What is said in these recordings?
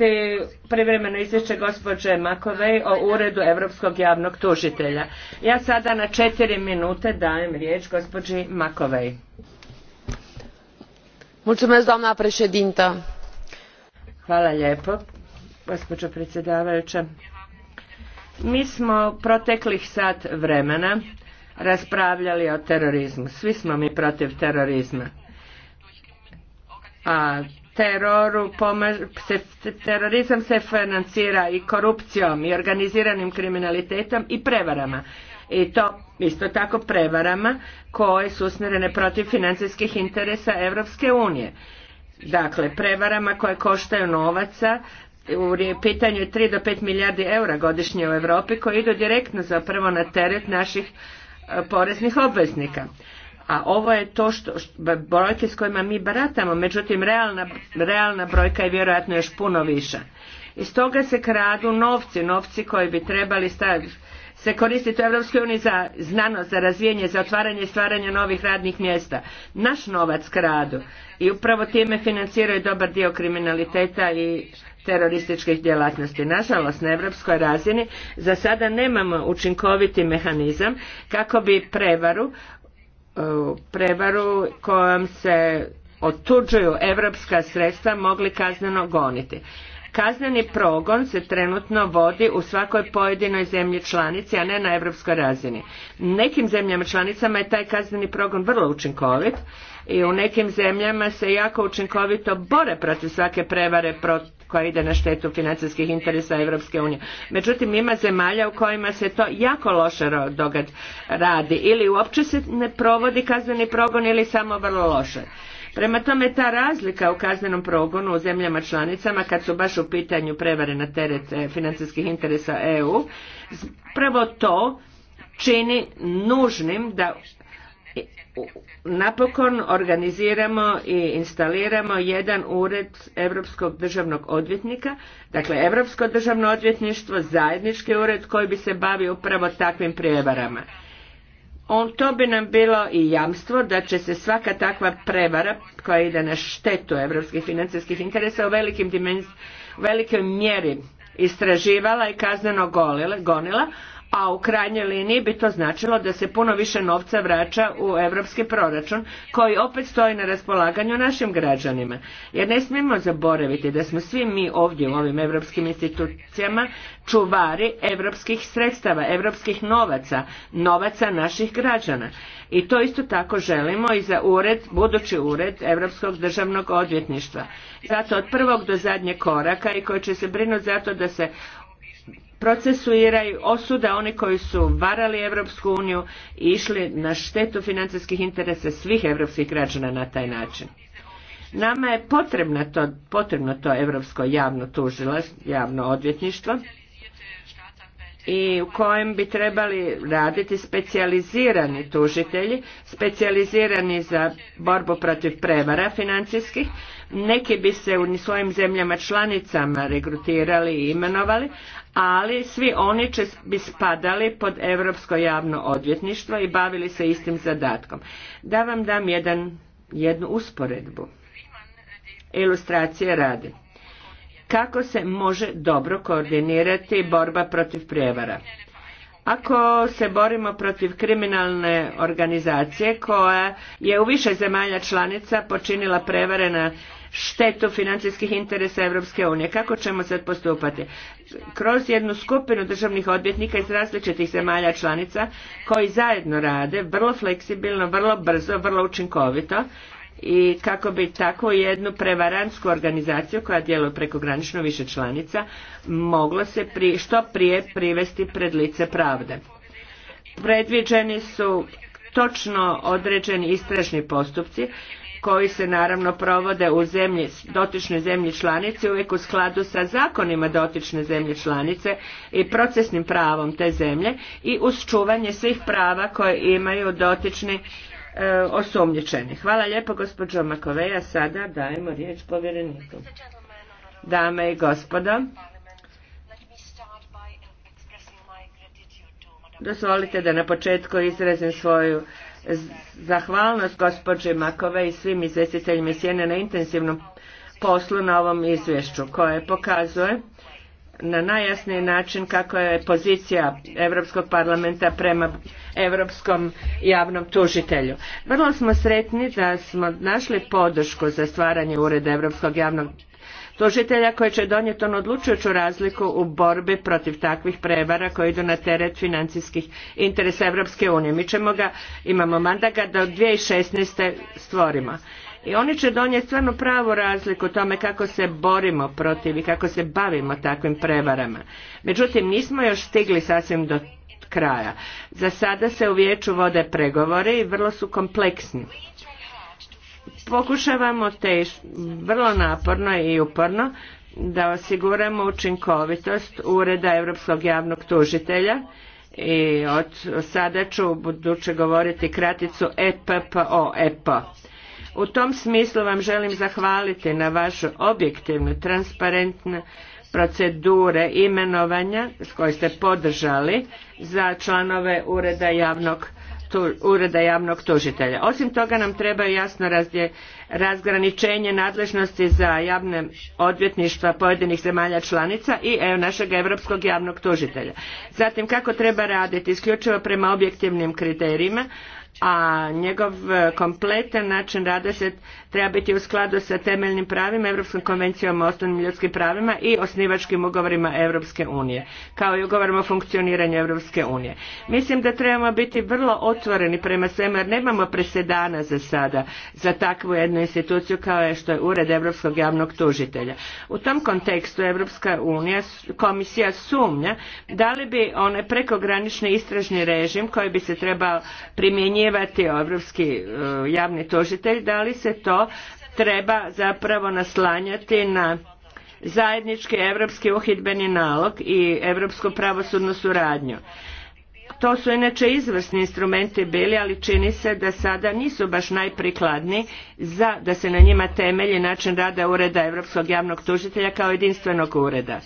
te privremeno izvješće gospođe Makovej o Uredu Evropskog javnog tužitelja. Ja sada na četiri minute dajem riječ gospođi Makovej. Mulțumesc, doamna președintă. Hvala lijepo, gospođo predsjedavajuća. Mi smo proteklih sat vremena raspravljali o terorizmu. Svi smo mi protiv terorizma. A teroru terorizam se financira i korupcijom i organiziranim kriminalitetom i prevarama i to isto tako prevarama koje su usmjerene protiv financijskih interesa Europske unije. Dakle, prevarama koje koštaju novaca, u pitanju je 3 do 5 milijardi eura godišnje u Europi koji idu direktno zapravo na teret naših e, poreznih obveznika a ovo je to što, brojke s kojima mi baratamo, međutim realna, realna brojka je vjerojatno još puno viša. Iz toga se kradu novci, novci koji bi trebali staviti se koristiti u EU uniji za znanost, za razvijenje, za otvaranje i stvaranje novih radnih mjesta. Naš novac kradu i upravo time financiraju dobar dio kriminaliteta i terorističkih djelatnosti. Nažalost, na europskoj razini za sada nemamo učinkoviti mehanizam kako bi prevaru E, prevaru kojom se otuđuju europska sredstva mogli kazneno goniti. Kazneni progon se trenutno vodi u svakoj pojedinoj zemlji članici, a ne na europskoj razini. Nekim zemljama članicama je taj kazneni progon vrlo učinkovit i u nekim zemljama se jako učinkovito bore protiv svake prevare, protiv koja ide na štetu financijskih interesa Europske unije. Međutim, ima zemalja u kojima se to jako loše događa radi ili uopće se ne provodi kazneni progon ili samo vrlo loše. Prema tome ta razlika u kaznenom progonu u zemljama članicama kad su baš u pitanju prevare na teret e, financijskih interesa EU, prvo to čini nužnim da napokon organiziramo i instaliramo jedan ured Europskog državnog odvjetnika, dakle Europsko državno odvjetništvo, zajednički ured koji bi se bavio upravo takvim prijevarama. On, to bi nam bilo i jamstvo da će se svaka takva prevara koja ide na štetu europskih financijskih interesa u velikim dimenz, velikoj mjeri istraživala i kazneno gonila, a u krajnjoj liniji bi to značilo da se puno više novca vraća u europski proračun koji opet stoji na raspolaganju našim građanima. Jer ne smijemo zaboraviti da smo svi mi ovdje u ovim europskim institucijama čuvari europskih sredstava, europskih novaca, novaca naših građana. I to isto tako želimo i za ured, budući ured Europskog državnog odvjetništva. Zato od prvog do zadnjeg koraka i koji će se brinuti zato da se procesuiraju, osuda oni koji su varali Europsku uniju i išli na štetu financijskih interesa svih europskih građana na taj način. Nama je potrebno to, potrebno to europsko javno tužilaštvo, javno odvjetništvo i u kojem bi trebali raditi specijalizirani tužitelji, specijalizirani za borbu protiv prevara financijskih. Neki bi se u svojim zemljama članicama regrutirali i imenovali, ali svi oni će bi spadali pod Europsko javno odvjetništvo i bavili se istim zadatkom. Da vam dam jedan, jednu usporedbu. Ilustracije radi. Kako se može dobro koordinirati borba protiv prijevara? Ako se borimo protiv kriminalne organizacije koja je u više zemalja članica počinila prevare na štetu financijskih interesa Europske unije. Kako ćemo sad postupati? Kroz jednu skupinu državnih odvjetnika iz različitih zemalja članica koji zajedno rade, vrlo fleksibilno, vrlo brzo, vrlo učinkovito i kako bi takvu jednu prevaransku organizaciju koja djeluje granično više članica moglo se pri, što prije privesti pred lice pravde. Predviđeni su točno određeni istražni postupci koji se naravno provode u zemlji, dotičnoj zemlji članici uvijek u skladu sa zakonima dotične zemlje članice i procesnim pravom te zemlje i uz čuvanje svih prava koje imaju dotični e, osumnjičeni. Hvala lijepo gospođo Makoveja. Sada dajemo riječ povjereniku. Dame i gospodo, dozvolite da na početku izrazim svoju zahvalnost gospođe Makove i svim izvjestiteljima Sjene na intenzivnom poslu na ovom izvješću koje pokazuje na najjasniji način kako je pozicija Europskog parlamenta prema Europskom javnom tužitelju. Vrlo smo sretni da smo našli podršku za stvaranje Ureda Europskog javnog tužitelja koji će donijeti onu odlučujuću razliku u borbi protiv takvih prevara koji idu na teret financijskih interesa Europske unije. Mi ćemo ga, imamo mandat ga da od 2016. stvorimo. I oni će donijeti stvarno pravu razliku tome kako se borimo protiv i kako se bavimo takvim prevarama. Međutim, nismo još stigli sasvim do kraja. Za sada se u vijeću vode pregovori i vrlo su kompleksni Pokušavamo te vrlo naporno i uporno da osiguramo učinkovitost Ureda Europskog javnog tužitelja i od sada ću buduće govoriti kraticu EPPO, EPO. U tom smislu vam želim zahvaliti na vašu objektivnu, transparentnu procedure imenovanja koje ste podržali za članove Ureda javnog ureda javnog tužitelja. Osim toga nam treba jasno razgraničenje nadležnosti za javne odvjetništva pojedinih zemalja članica i našeg europskog javnog tužitelja. Zatim kako treba raditi isključivo prema objektivnim kriterijima, a njegov e, kompletan način rada se treba biti u skladu sa temeljnim pravima, Europskom konvencijom o osnovnim ljudskim pravima i osnivačkim ugovorima Europske unije, kao i ugovorima o funkcioniranju Europske unije. Mislim da trebamo biti vrlo otvoreni prema svemu jer nemamo presedana za sada za takvu jednu instituciju kao je što je Ured Europskog javnog tužitelja. U tom kontekstu Europska unija, komisija sumnja da li bi onaj prekogranični istražni režim koji bi se trebao primjenjivati europski e, javni tužitelj, da li se to treba zapravo naslanjati na zajednički europski uhidbeni nalog i europsku pravosudnu suradnju. To su inače izvrsni instrumenti bili, ali čini se da sada nisu baš najprikladni za da se na njima temelji način rada Ureda Europskog javnog tužitelja kao jedinstvenog ureda.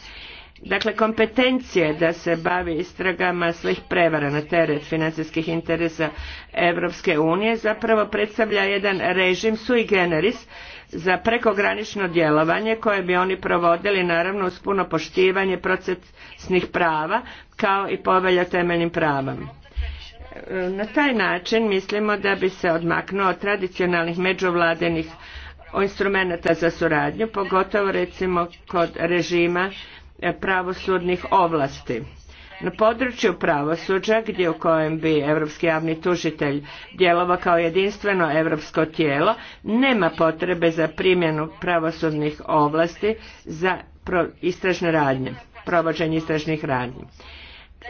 Dakle, kompetencije da se bavi istragama svih prevara na teret financijskih interesa Europske unije zapravo predstavlja jedan režim sui generis za prekogranično djelovanje koje bi oni provodili naravno uz puno poštivanje procesnih prava kao i povelja temeljnim pravom. Na taj način mislimo da bi se odmaknuo od tradicionalnih međuvladenih instrumenata za suradnju, pogotovo recimo kod režima E, pravosudnih ovlasti. Na području pravosuđa gdje u kojem bi Europski javni tužitelj djelovao kao jedinstveno europsko tijelo nema potrebe za primjenu pravosudnih ovlasti za istražne radnje, provođenje istražnih radnji.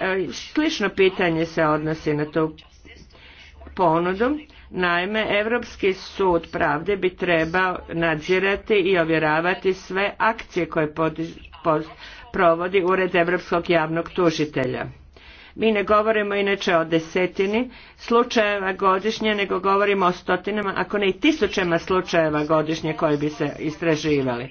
E, slično pitanje se odnosi na tu ponudu. Naime, Europski sud pravde bi trebao nadzirati i ovjeravati sve akcije koje provodi Ured Europskog javnog tužitelja. Mi ne govorimo inače o desetini slučajeva godišnje, nego govorimo o stotinama, ako ne i tisućama slučajeva godišnje koji bi se istraživali.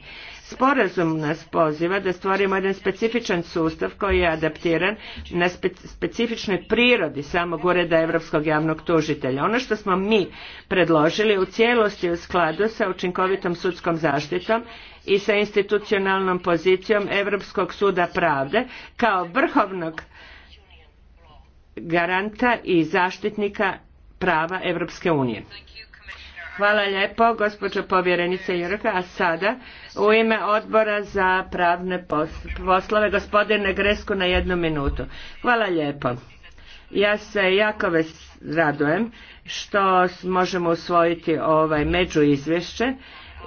Sporazum nas poziva da stvorimo jedan specifičan sustav koji je adaptiran na specifičnoj prirodi samog ureda Europskog javnog tužitelja. Ono što smo mi predložili u cijelosti u skladu sa učinkovitom sudskom zaštitom i sa institucionalnom pozicijom Europskog suda pravde kao vrhovnog garanta i zaštitnika prava Evropske unije. Hvala lijepo, gospođo povjerenice Jurka. A sada u ime odbora za pravne poslove, gospodine Gresku na jednu minutu. Hvala lijepo. Ja se jako radujem što možemo usvojiti ovaj međuizvješće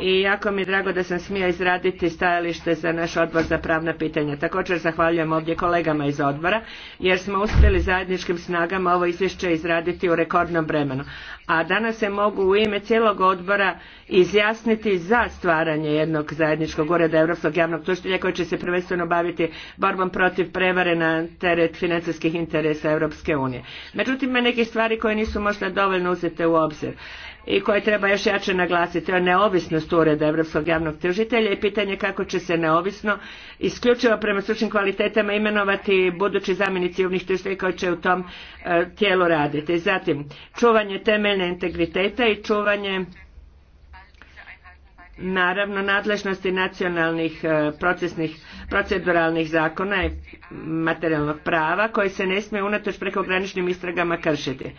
i jako mi je drago da sam smio izraditi stajalište za naš odbor za pravna pitanja. Također zahvaljujem ovdje kolegama iz odbora jer smo uspjeli zajedničkim snagama ovo izvješće izraditi u rekordnom vremenu. A danas se mogu u ime cijelog odbora izjasniti za stvaranje jednog zajedničkog ureda Europskog javnog tužitelja koji će se prvenstveno baviti borbom protiv prevare na teret financijskih interesa Europske unije. Međutim, ima nekih stvari koje nisu možda dovoljno uzete u obzir i koje treba još jače naglasiti. To je neovisnost Ureda Europskog javnog tužitelja i pitanje kako će se neovisno isključivo prema stručnim kvalitetama imenovati budući zamjenici javnih tužitelja koji će u tom e, tijelu raditi. Zatim, čuvanje temeljne integriteta i čuvanje naravno nadležnosti nacionalnih e, procesnih, proceduralnih zakona i materijalnog prava koje se ne smije unatoč prekograničnim istragama kršiti.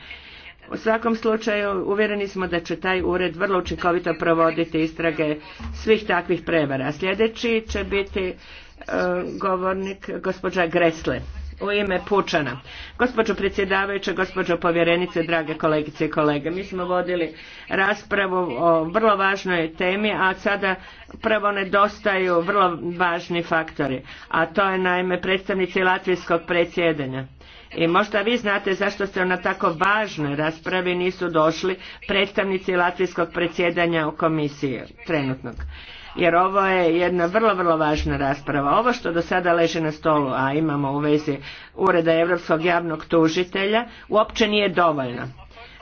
U svakom slučaju uvjereni smo da će taj ured vrlo učinkovito provoditi istrage svih takvih prevara. Sljedeći će biti e, govornik gospođa Gresle u ime Pučana. Gospođo predsjedavajuća, gospođo povjerenice, drage kolegice i kolege, mi smo vodili raspravu o vrlo važnoj temi, a sada upravo nedostaju vrlo važni faktori, a to je naime predstavnici latvijskog predsjedanja. I možda vi znate zašto se na tako važnoj raspravi nisu došli predstavnici latvijskog predsjedanja u komisiji trenutnog jer ovo je jedna vrlo, vrlo važna rasprava. Ovo što do sada leži na stolu, a imamo u vezi Ureda Europskog javnog tužitelja, uopće nije dovoljno.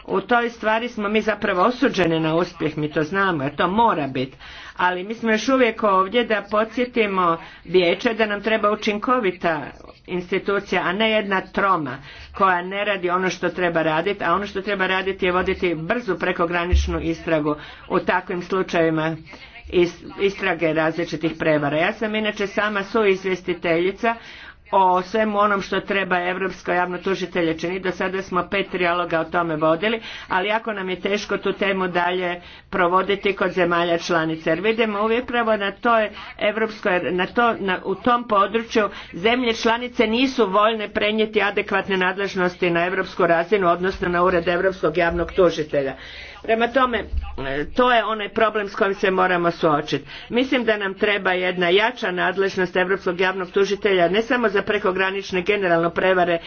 U toj stvari smo mi zapravo osuđeni na uspjeh, mi to znamo, jer to mora biti. Ali mi smo još uvijek ovdje da podsjetimo vijeće da nam treba učinkovita institucija, a ne jedna troma koja ne radi ono što treba raditi, a ono što treba raditi je voditi brzu prekograničnu istragu u takvim slučajevima istrage različitih prevara. Ja sam inače sama suizvjestiteljica o svemu onom što treba Europsko javno tužitelje čini. Do sada smo pet trijaloga o tome vodili, ali jako nam je teško tu temu dalje provoditi kod zemalja članica. Jer vidimo pravo na to Evropsko, na to, na, u tom području zemlje članice nisu voljne prenijeti adekvatne nadležnosti na europsku razinu, odnosno na ured Europskog javnog tužitelja. Prema tome, e, to je onaj problem s kojim se moramo suočiti. Mislim da nam treba jedna jača nadležnost Europskog javnog tužitelja, ne samo za prekogranične generalno prevare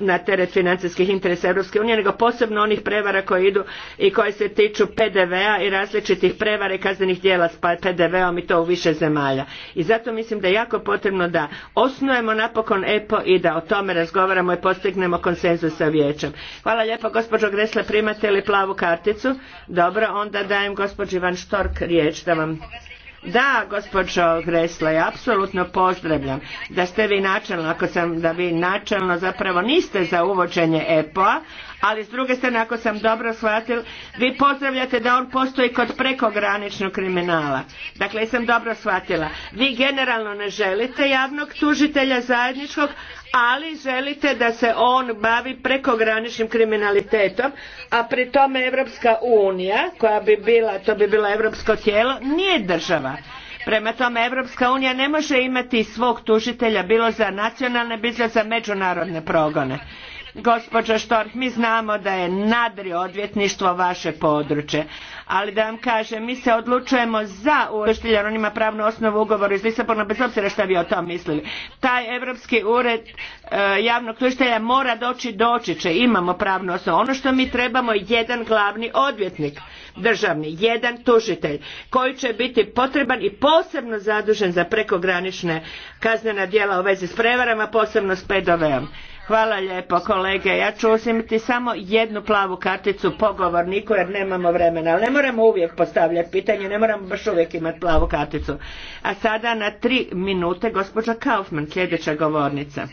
na, teret financijskih interesa Europske unije, nego posebno onih prevara koje idu i koje se tiču PDV-a i različitih prevara i kaznenih djela s PDV-om pa-, i to u više zemalja. I zato mislim da je jako potrebno da osnujemo napokon EPO i da o tome razgovaramo i postignemo konsenzus sa vijećem. Hvala lijepo gospođo Gresle primate li plavu karticu? Dobro, onda dajem gospođi Van Štork riječ da vam... Da, gospođo Gresla, ja apsolutno pozdravljam da ste vi načelno, ako sam da vi načelno zapravo niste za uvođenje EPO-a, ali s druge strane ako sam dobro shvatila vi pozdravljate da on postoji kod prekograničnog kriminala dakle sam dobro shvatila vi generalno ne želite javnog tužitelja zajedničkog ali želite da se on bavi prekograničnim kriminalitetom a pri tome Europska unija koja bi bila to bi bilo europsko tijelo nije država Prema tome, Evropska unija ne može imati svog tužitelja bilo za nacionalne, bilo za međunarodne progone gospođo Štorh, mi znamo da je nadri odvjetništvo vaše područje, ali da vam kažem, mi se odlučujemo za uvrštilj, jer on ima pravnu osnovu ugovoru iz Lisabona, bez obzira što vi o tom mislili. Taj Europski ured e, javnog tužitelja mora doći, doći će, imamo pravnu osnovu. Ono što mi trebamo je jedan glavni odvjetnik državni, jedan tužitelj koji će biti potreban i posebno zadužen za prekogranične kaznena djela u vezi s prevarama, posebno s pdv Hvala lijepo kolege. Ja ću uzimiti samo jednu plavu karticu po govorniku jer nemamo vremena. Ali ne moramo uvijek postavljati pitanje, ne moramo baš uvijek imati plavu karticu. A sada na tri minute gospođa Kaufman, sljedeća govornica.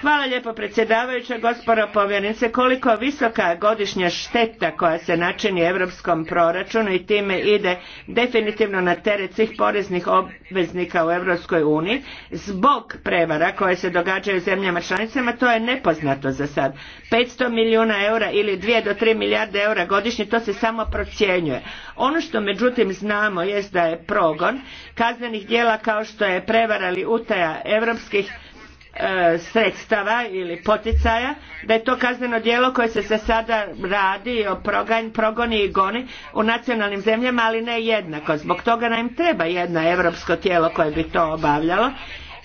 Hvala lijepo predsjedavajuća, gospodo povjerenice. Koliko visoka godišnja šteta koja se načini europskom proračunu i time ide definitivno na teret svih poreznih obveznika u Europskoj uniji zbog prevara koje se događaju zemljama članicama, to je nepoznato za sad. 500 milijuna eura ili 2 do 3 milijarde eura godišnje, to se samo procjenjuje. Ono što međutim znamo jest da je progon kaznenih djela kao što je prevara ili utaja europskih E, sredstava ili poticaja da je to kazneno djelo koje se, se sada radi proganj, progoni i goni u nacionalnim zemljama ali ne jednako zbog toga nam treba jedno europsko tijelo koje bi to obavljalo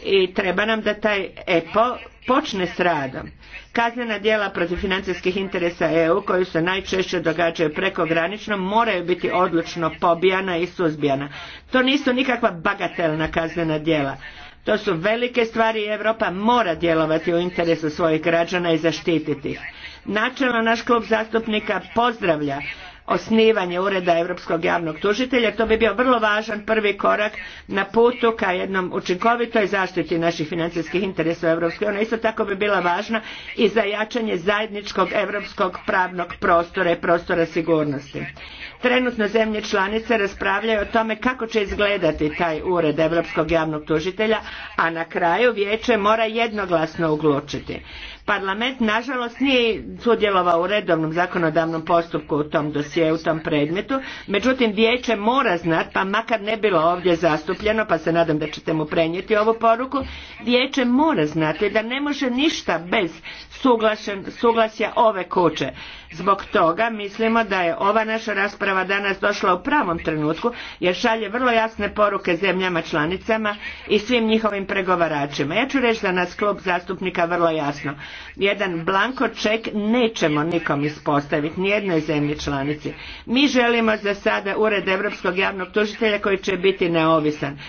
i treba nam da taj EPO počne s radom. Kaznena djela protiv financijskih interesa EU koju se najčešće događaju prekogranično moraju biti odlučno pobijana i suzbijana. To nisu nikakva bagatelna kaznena djela. To su velike stvari i Europa mora djelovati u interesu svojih građana i zaštititi ih. Načelno naš klub zastupnika pozdravlja osnivanje Ureda Europskog javnog tužitelja. To bi bio vrlo važan prvi korak na putu ka jednom učinkovitoj zaštiti naših financijskih interesa u Europskoj ona Isto tako bi bila važna i za jačanje zajedničkog europskog pravnog prostora i prostora sigurnosti. Trenutno zemlje članice raspravljaju o tome kako će izgledati taj ured Europskog javnog tužitelja, a na kraju vijeće mora jednoglasno uglučiti. Parlament nažalost nije sudjelovao u redovnom zakonodavnom postupku u tom dosije, u tom predmetu, međutim vijeće mora znat, pa makar ne bilo ovdje zastupljeno, pa se nadam da ćete mu prenijeti ovu poruku, vijeće mora znati da ne može ništa bez suglasja ove kuće. Zbog toga mislimo da je ova naša rasprava danas došla u pravom trenutku jer šalje vrlo jasne poruke zemljama članicama i svim njihovim pregovaračima. Ja ću reći za nas klub zastupnika vrlo jasno jedan blanko ček nećemo nikom ispostaviti, jednoj zemlji članici. Mi želimo za sada ured Europskog javnog tužitelja koji će biti neovisan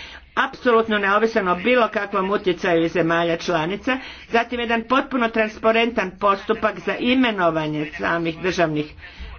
apsolutno neovisan o bilo kakvom utjecaju zemalja članica, zatim jedan potpuno transparentan postupak za imenovanje samih državnih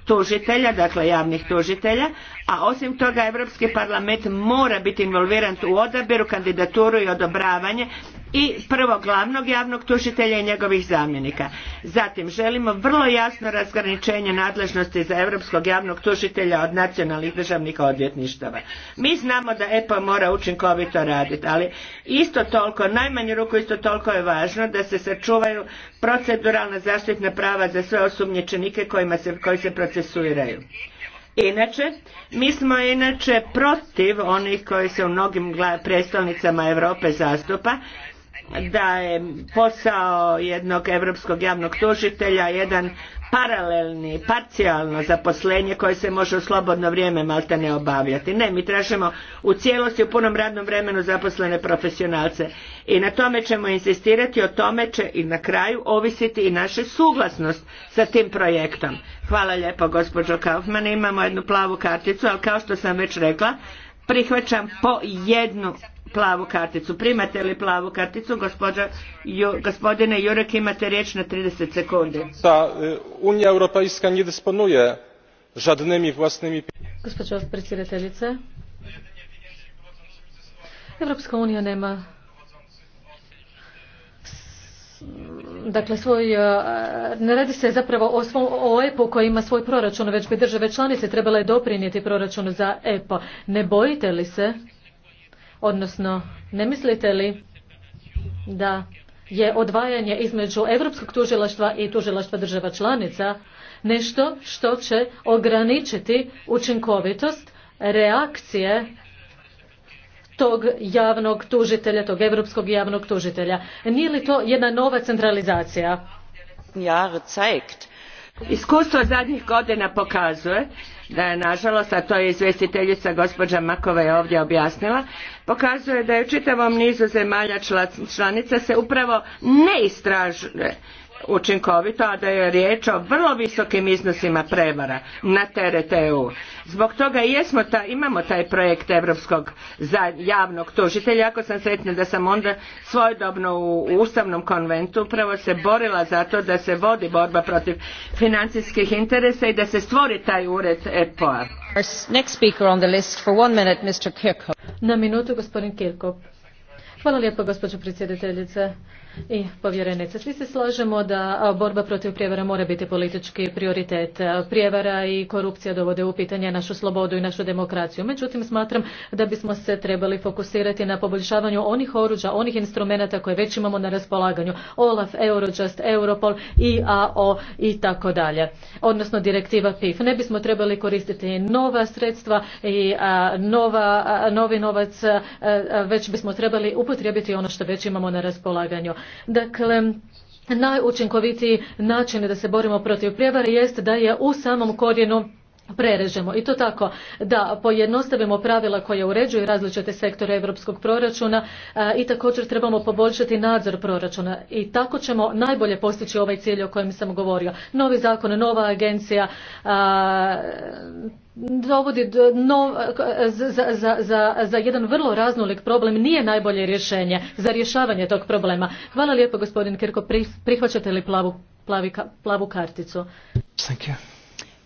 tužitelja, dakle javnih tužitelja, a osim toga Europski parlament mora biti involviran u odabiru, kandidaturu i odobravanje i prvog glavnog javnog tužitelja i njegovih zamjenika. Zatim želimo vrlo jasno razgraničenje nadležnosti za europskog javnog tužitelja od nacionalnih državnih odvjetništava. Mi znamo da EPO mora učinkovito raditi, ali isto toliko, najmanju ruku isto toliko je važno da se sačuvaju proceduralna zaštitna prava za sve osumnjičenike kojima koji se procesuiraju. Inače, mi smo inače protiv onih koji se u mnogim predstavnicama Europe zastupa da je posao jednog europskog javnog tužitelja jedan paralelni, parcijalno zaposlenje koje se može u slobodno vrijeme malta ne obavljati. Ne, mi tražimo u cijelosti u punom radnom vremenu zaposlene profesionalce i na tome ćemo insistirati, o tome će i na kraju ovisiti i naša suglasnost sa tim projektom. Hvala lijepo gospođo Kaufman, imamo jednu plavu karticu, ali kao što sam već rekla, prihvaćam po jednu plavu karticu. Primate li plavu karticu, gospodine Jurek, imate riječ na 30 sekundi. E, unija Europejska ne disponuje žadnymi vlasnimi Gospođo predsjedateljice, Europska unija nema dakle svoj, e, ne radi se zapravo o, svom, o EPO koji ima svoj proračun, već bi države članice trebale doprinijeti proračunu za EPO. Ne bojite li se, odnosno ne mislite li da je odvajanje između Europskog tužilaštva i tužilaštva država članica nešto što će ograničiti učinkovitost reakcije tog javnog tužitelja, tog europskog javnog tužitelja. Nije li to jedna nova centralizacija? Iskustvo zadnjih godina pokazuje da je nažalost, a to je izvjestiteljica gospođa Makova je ovdje objasnila, pokazuje da je u čitavom nizu zemalja članica se upravo ne istražuje učinkovito, a da je riječ o vrlo visokim iznosima prevara na teret EU. Zbog toga jesmo ta, imamo taj projekt Europskog javnog tužitelja. Jako sam sretna da sam onda svojedobno u, Ustavnom konventu upravo se borila za to da se vodi borba protiv financijskih interesa i da se stvori taj ured epo Na minutu gospodin Hvala lijepo gospođo predsjedateljice. I povjerenice, svi se slažemo da borba protiv prijevara mora biti politički prioritet. Prijevara i korupcija dovode u pitanje našu slobodu i našu demokraciju. Međutim, smatram da bismo se trebali fokusirati na poboljšavanju onih oruđa, onih instrumenata koje već imamo na raspolaganju. OLAF, Eurojust, Europol, IAO i tako dalje. Odnosno direktiva PIF. Ne bismo trebali koristiti nova sredstva i nova, novi novac, već bismo trebali upotrijebiti ono što već imamo na raspolaganju. Dakle, najučinkovitiji način da se borimo protiv prijevare jest da je u samom korijenu prerežemo i to tako da pojednostavimo pravila koja uređuju različite sektore europskog proračuna e, i također trebamo poboljšati nadzor proračuna i tako ćemo najbolje postići ovaj cilj o kojem sam govorio. Novi zakon, nova agencija e, dovodi za, jedan vrlo raznolik problem nije najbolje rješenje za rješavanje tog problema. Hvala lijepo gospodin Kirko, prihvaćate li plavu, karticu? Hvala.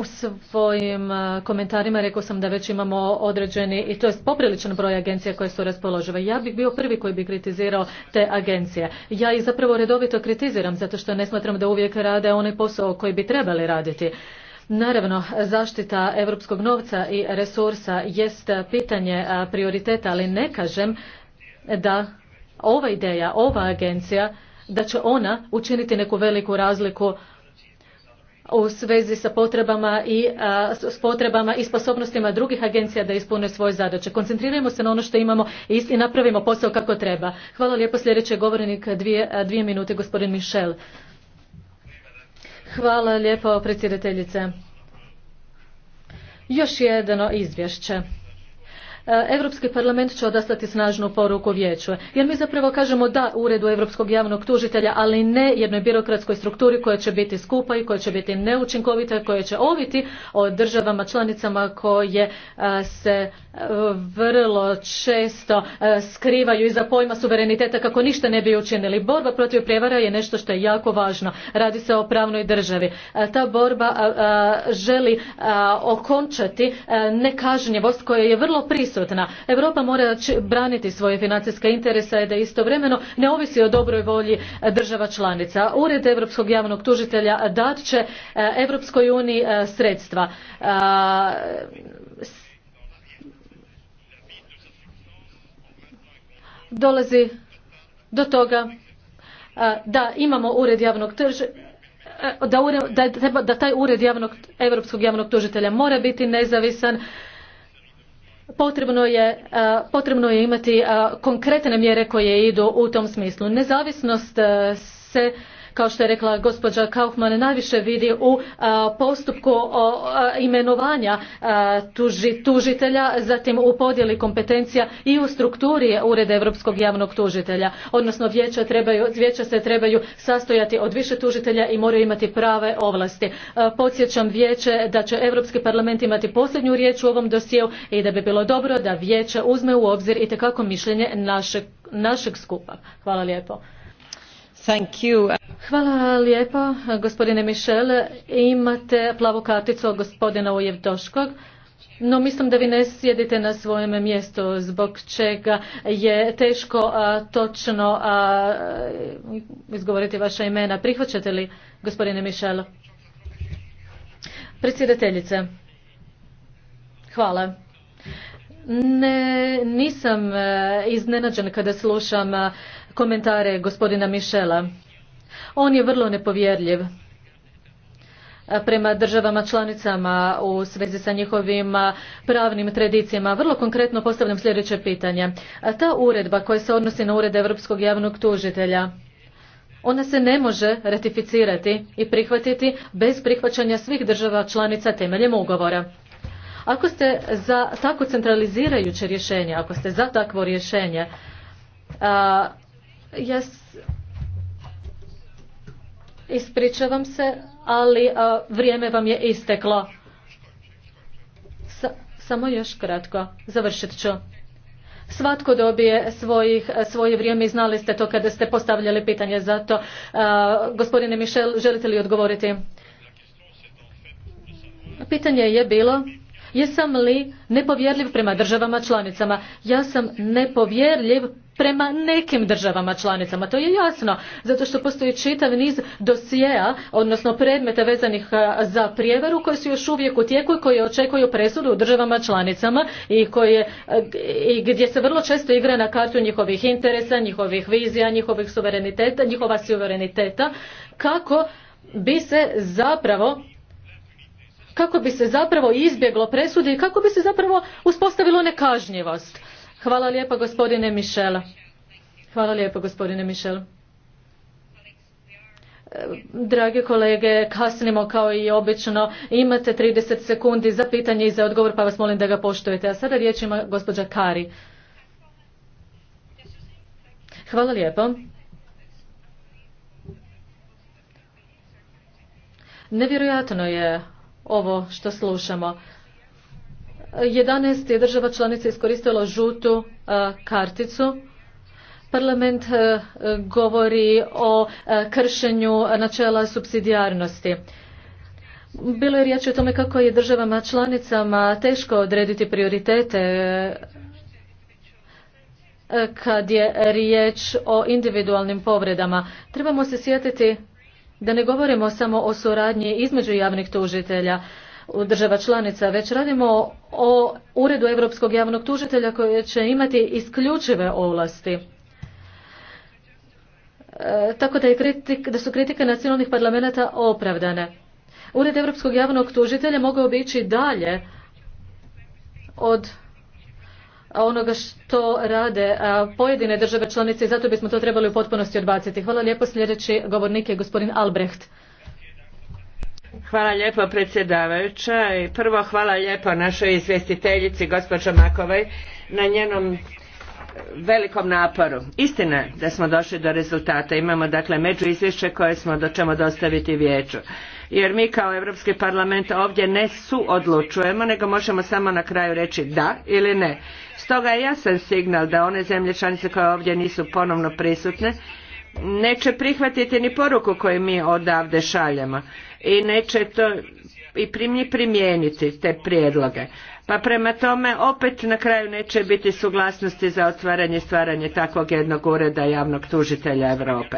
U svojim e, komentarima rekao sam da već imamo određeni i to je popriličan broj agencija koje su raspoložive. Ja bih bio prvi koji bi kritizirao te agencije. Ja ih zapravo redovito kritiziram zato što ne smatram da uvijek rade onaj posao koji bi trebali raditi. Naravno, zaštita europskog novca i resursa jest pitanje e, prioriteta, ali ne kažem da ova ideja, ova agencija, da će ona učiniti neku veliku razliku u svezi sa potrebama i s potrebama i sposobnostima drugih agencija da ispune svoje zadaće. Koncentrirajmo se na ono što imamo i napravimo posao kako treba. Hvala lijepo sljedeći govornik dvije, dvije minute gospodin Mišel. Hvala lijepo predsjedateljice. Još jedno izvješće. Europski parlament će odaslati snažnu poruku vijeću. Jer mi zapravo kažemo da uredu Europskog javnog tužitelja, ali ne jednoj birokratskoj strukturi koja će biti skupa i koja će biti neučinkovita, koja će oviti o državama članicama koje e, se vrlo često e, skrivaju iza pojma suvereniteta kako ništa ne bi učinili. Borba protiv prijevara je nešto što je jako važno. Radi se o pravnoj državi. E, ta borba e, želi okončati nekažnjevost koja je vrlo prisutna. Europa mora braniti svoje financijske interese da istovremeno ne ovisi o dobroj volji država članica. Ured Europskog javnog tužitelja dat će Europskoj uniji sredstva dolazi do toga da imamo ured javnog da, da, treba, da taj ured javnog, europskog javnog tužitelja mora biti nezavisan potrebno je, potrebno je imati konkretne mjere koje idu u tom smislu. Nezavisnost se kao što je rekla gospođa Kaufman, najviše vidi u postupku imenovanja tužitelja, zatim u podjeli kompetencija i u strukturi Ureda Europskog javnog tužitelja. Odnosno vijeća, se trebaju sastojati od više tužitelja i moraju imati prave ovlasti. Podsjećam vijeće da će Europski parlament imati posljednju riječ u ovom dosjeu i da bi bilo dobro da vijeće uzme u obzir i mišljenje našeg, našeg skupa. Hvala lijepo. Thank you. Hvala lijepo, gospodine Mišel. Imate plavu karticu od gospodina Ujevdoškog. No mislim da vi ne sjedite na svojem mjestu zbog čega je teško točno a, izgovoriti vaša imena. Prihvaćate li gospodine Mišel? Predsjedateljice, hvala. nisam e, iznenađen kada slušam e, komentare gospodina Mišela. On je vrlo nepovjerljiv prema državama članicama u svezi sa njihovim pravnim tradicijama. Vrlo konkretno postavljam sljedeće pitanje. ta uredba koja se odnosi na ured Europskog javnog tužitelja, ona se ne može ratificirati i prihvatiti bez prihvaćanja svih država članica temeljem ugovora. Ako ste za tako centralizirajuće rješenje, ako ste za takvo rješenje, a, ja ispričavam se, ali vrijeme vam je isteklo. samo još kratko, završit ću. Svatko dobije svojih, svoje vrijeme i znali ste to kada ste postavljali pitanje. Zato, gospodine Michel, želite li odgovoriti? Pitanje je bilo Jesam li nepovjerljiv prema državama članicama? Ja sam nepovjerljiv prema nekim državama članicama. To je jasno, zato što postoji čitav niz dosijeja, odnosno predmeta vezanih za prijevaru koji su još uvijek u tijeku i koji očekuju presudu u državama članicama i, koje, i gdje se vrlo često igra na kartu njihovih interesa, njihovih vizija, njihovih suvereniteta, njihova suvereniteta, kako bi se zapravo kako bi se zapravo izbjeglo presude i kako bi se zapravo uspostavilo nekažnjivost. Hvala lijepa gospodine Mišela. Hvala lijepa gospodine Mišel. Drage kolege, kasnimo kao i obično. Imate 30 sekundi za pitanje i za odgovor, pa vas molim da ga poštujete. A sada riječ ima gospođa Kari. Hvala lijepo. Nevjerojatno je ovo što slušamo. 11 je država članica iskoristilo žutu e, karticu. Parlament e, govori o e, kršenju načela subsidijarnosti. Bilo je riječ o tome kako je državama članicama teško odrediti prioritete kad je riječ o individualnim povredama. Trebamo se sjetiti da ne govorimo samo o suradnji između javnih tužitelja država članica, već radimo o Uredu Europskog javnog tužitelja koji će imati isključive ovlasti. E, tako da, su kritike nacionalnih parlamenta opravdane. Ured Europskog javnog tužitelja mogao bi ići dalje od onoga što rade pojedine države članice i zato bismo to trebali u potpunosti odbaciti. Hvala lijepo. Sljedeći govornik je gospodin Albrecht. Hvala lijepo predsjedavajuća i prvo hvala lijepo našoj izvjestiteljici gospođo Makovej na njenom velikom naporu. Istina je da smo došli do rezultata. Imamo dakle izvješće koje smo do čemu dostaviti vijeću jer mi kao Europski parlament ovdje ne suodlučujemo nego možemo samo na kraju reći da ili ne. Stoga je jasan signal da one zemlje članice koje ovdje nisu ponovno prisutne neće prihvatiti ni poruku koju mi odavde šaljemo i neće to i primijeniti te prijedloge. Pa prema tome opet na kraju neće biti suglasnosti za otvaranje i stvaranje takvog jednog ureda javnog tužitelja Europe.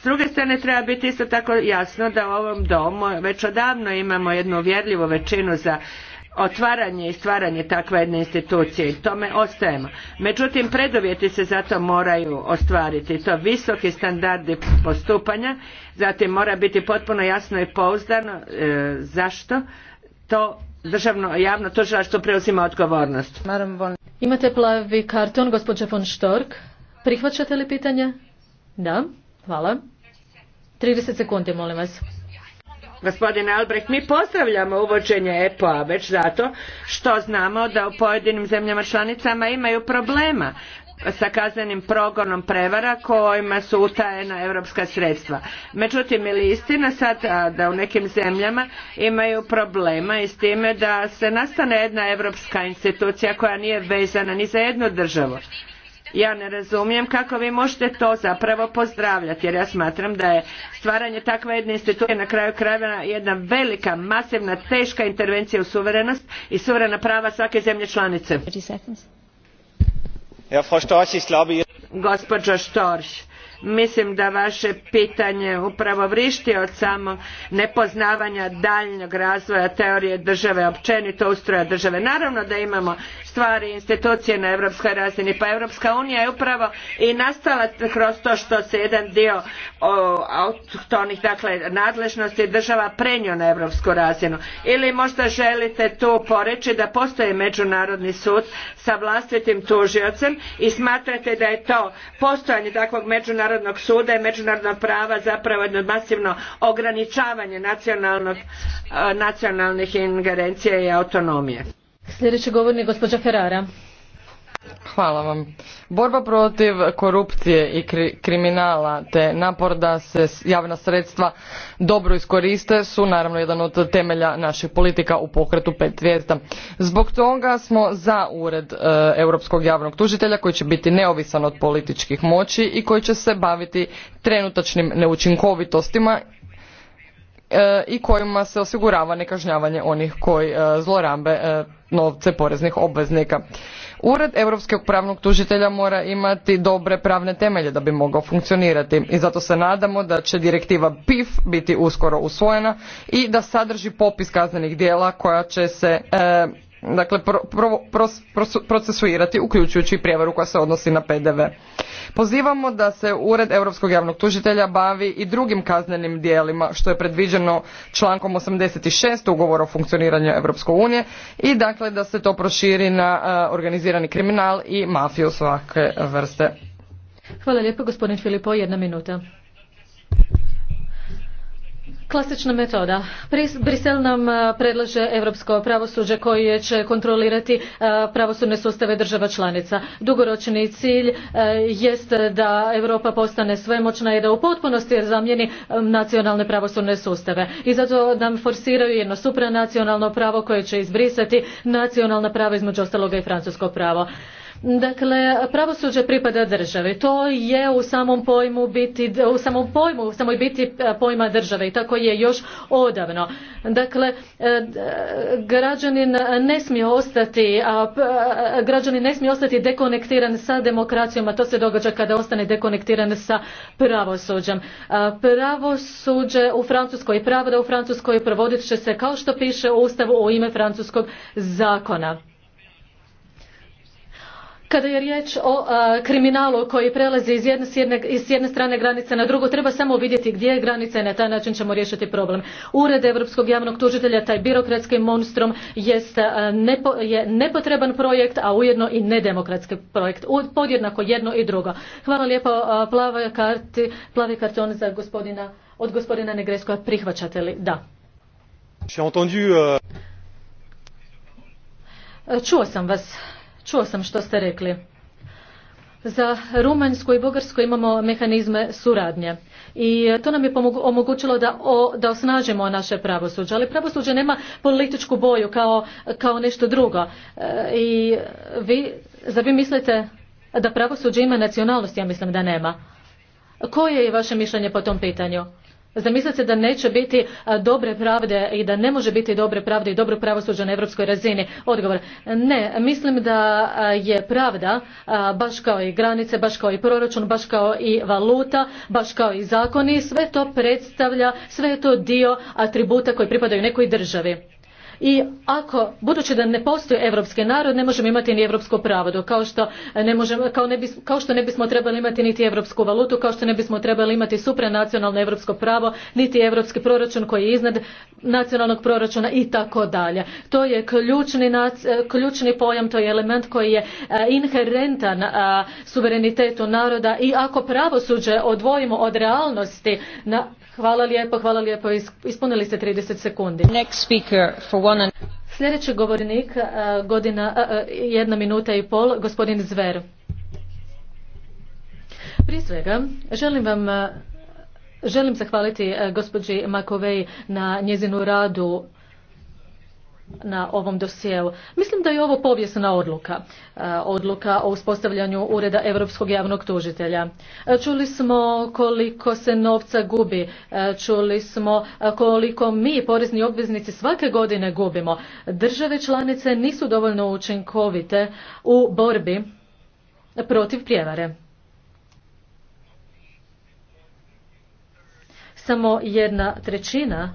S druge strane treba biti isto tako jasno da u ovom domu već odavno imamo jednu uvjerljivu većinu za otvaranje i stvaranje takve jedne institucije i tome ostajemo. Međutim, preduvjeti se zato moraju ostvariti to visoki standardi postupanja, zatim mora biti potpuno jasno i pouzdano e, zašto to državno javno tužilaštvo preuzima odgovornost. Imate plavi karton, gospođa von Štork. Prihvaćate li pitanje? Da, hvala. 30 sekundi, molim vas. Gospodine Albrecht, mi pozdravljamo uvođenje EPO-a već zato što znamo da u pojedinim zemljama članicama imaju problema sa kaznenim progonom prevara kojima su utajena europska sredstva. Međutim, je li istina sad da u nekim zemljama imaju problema i s time da se nastane jedna europska institucija koja nije vezana ni za jednu državu? ja ne razumijem kako vi možete to zapravo pozdravljati jer ja smatram da je stvaranje takve jedne institucije na kraju krajeva jedna velika, masivna, teška intervencija u suverenost i suverena prava svake zemlje članice. Ja, Frau ich Mislim da vaše pitanje upravo vrišti od samo nepoznavanja daljnjeg razvoja teorije države, općenito ustroja države. Naravno da imamo stvari, i institucije na europskoj razini, pa Europska unija je upravo i nastala kroz to što se jedan dio autohtonih, dakle nadležnosti država prenio na europsku razinu. Ili možda želite tu poreći da postoji međunarodni sud sa vlastitim tužiocem i smatrate da je to postojanje takvog međunarodnog međunarodnog suda i međunarodnog prava zapravo jedno masivno ograničavanje e, nacionalnih ingerencija i autonomije. Sljedeći govornik gospođa Ferrara. Hvala vam. Borba protiv korupcije i kriminala te napor da se javna sredstva dobro iskoriste su naravno jedan od temelja naših politika u pokretu pet zvijezda. Zbog toga smo za ured e, europskog javnog tužitelja koji će biti neovisan od političkih moći i koji će se baviti trenutačnim neučinkovitostima e, i kojima se osigurava nekažnjavanje onih koji e, zlorabe novce poreznih obveznika. Ured Europskog pravnog tužitelja mora imati dobre pravne temelje da bi mogao funkcionirati i zato se nadamo da će direktiva PIF biti uskoro usvojena i da sadrži popis kaznenih djela koja će se e, dakle procesuirati uključujući i prijevaru koja se odnosi na PDV. Pozivamo da se Ured Europskog javnog tužitelja bavi i drugim kaznenim dijelima što je predviđeno člankom 86. ugovora o funkcioniranju Europske unije i dakle da se to proširi na e, organizirani kriminal i mafiju svake vrste. Hvala lijepo gospodin jedna minuta. Klasična metoda. Brisel nam e, predlaže europsko pravosuđe koje će kontrolirati e, pravosudne sustave država članica. Dugoročni cilj e, jest da Europa postane svemoćna i da u potpunosti zamijeni nacionalne pravosudne sustave. I zato nam forsiraju jedno supranacionalno pravo koje će izbrisati nacionalna prava između ostaloga i francusko pravo. Dakle, pravosuđe pripada državi. To je u samom pojmu biti, u samom pojmu, u samoj biti e, pojma države i tako je još odavno. Dakle, e, građanin ne smije ostati, e, građanin ne smije ostati dekonektiran sa demokracijom, a to se događa kada ostane dekonektiran sa pravosuđem. Pravosuđe u Francuskoj i pravda u Francuskoj provodit će se kao što piše u Ustavu u ime francuskog zakona kada je riječ o e, kriminalu koji prelazi iz jedne, s jedne, strane granice na drugu, treba samo vidjeti gdje je granica i na taj način ćemo riješiti problem. Ured Europskog javnog tužitelja, taj birokratski monstrum, jest, e, je nepotreban projekt, a ujedno i nedemokratski projekt. podjednako jedno i drugo. Hvala lijepo e, plavoj karti, plavi karton za gospodina, od gospodina Negreskova. Prihvaćate li? Da. Euh, čuo sam vas Čuo sam što ste rekli. Za Rumunjsku i Bugarsku imamo mehanizme suradnje i to nam je omogućilo da, o, da osnažimo naše pravosuđe, ali pravosuđe nema političku boju kao, kao nešto drugo. E, I vi, zar vi mislite da pravosuđe ima nacionalnost? Ja mislim da nema. Koje je vaše mišljenje po tom pitanju? Zamislite da neće biti e, dobre pravde i da ne može biti dobre pravde i dobro pravosuđa na europskoj razini. Odgovor. Ne, mislim da e, je pravda e, baš kao i granice, baš kao i proračun, baš kao i valuta, baš kao i zakoni, sve to predstavlja, sve je to dio atributa koji pripadaju nekoj državi i ako, budući da ne postoji europski narod, ne možemo imati ni europsko pravo, kao što ne, možemo, kao, ne kao što ne bismo trebali imati niti europsku valutu, kao što ne bismo trebali imati supranacionalno europsko pravo, niti europski proračun koji je iznad nacionalnog proračuna i tako dalje. To je ključni, ključni pojam, to je element koji je e, inherentan e, suverenitetu naroda i ako pravosuđe odvojimo od realnosti na Hvala lijepo, hvala lijepo. Ispunili ste 30 sekundi. Next speaker for one Sljedeći govornik, godina, jedna minuta i pol, gospodin Zver. Prije svega, želim vam Želim zahvaliti gospođi Makovej na njezinu radu na ovom dosjeu. Mislim da je ovo povijesna odluka. E, odluka o uspostavljanju Ureda Europskog javnog tužitelja. E, čuli smo koliko se novca gubi. E, čuli smo koliko mi, porezni obveznici, svake godine gubimo. Države članice nisu dovoljno učinkovite u borbi protiv prijevare. Samo jedna trećina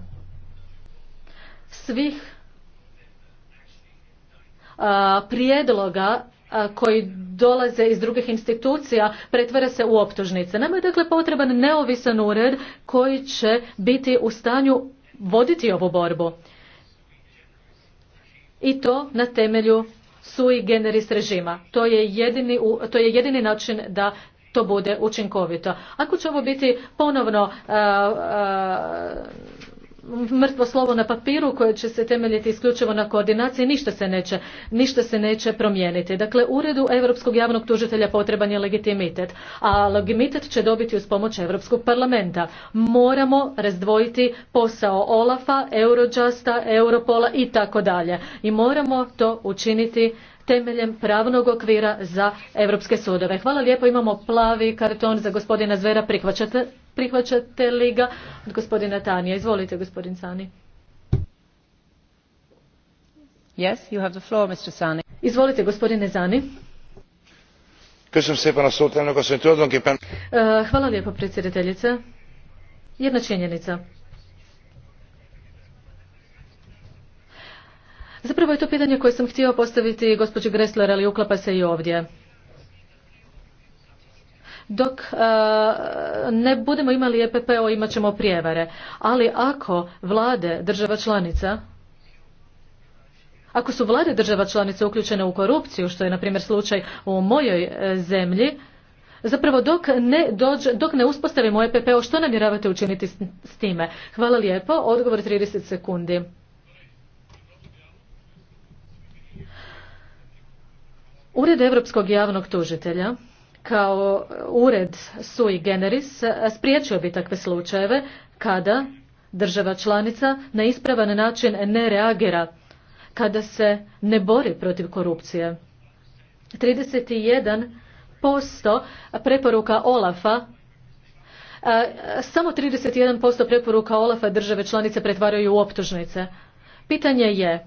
svih prijedloga koji dolaze iz drugih institucija pretvara se u optužnice. Nama je dakle potreban neovisan ured koji će biti u stanju voditi ovu borbu. I to na temelju sui generis režima. To je jedini, to je jedini način da to bude učinkovito. Ako će ovo biti ponovno mrtvo slovo na papiru koje će se temeljiti isključivo na koordinaciji, ništa se neće, ništa se neće promijeniti. Dakle, uredu Europskog javnog tužitelja potreban je legitimitet, a legitimitet će dobiti uz pomoć Europskog parlamenta. Moramo razdvojiti posao Olafa, Eurojusta, Europola i tako dalje. I moramo to učiniti temeljem pravnog okvira za europske sudove. Hvala lijepo, imamo plavi karton za gospodina Zvera, prihvaćate Prihvaćate li ga? Od gospodina Tanija. Izvolite, gospodin Sani. Yes, you have the floor, Mr. Sani. Izvolite, gospodine Zani. Eh, hvala lijepo, predsjedateljice. Jedna činjenica. Zapravo je to pitanje koje sam htio postaviti gospođi Gressler, ali uklapa se i ovdje. Dok e, ne budemo imali EPPO imat ćemo prijevare. Ali ako vlade država članica ako su vlade država članica uključene u korupciju, što je na primjer slučaj u mojoj e, zemlji, zapravo dok ne, dođe, dok ne uspostavimo EPPO, što namjeravate učiniti s time? Hvala lijepo, odgovor 30 sekundi. Ured Europskog javnog tužitelja kao ured sui generis spriječio bi takve slučajeve kada država članica na ispravan način ne reagira, kada se ne bori protiv korupcije. 31% preporuka Olafa samo 31% preporuka Olafa države članice pretvaraju u optužnice. Pitanje je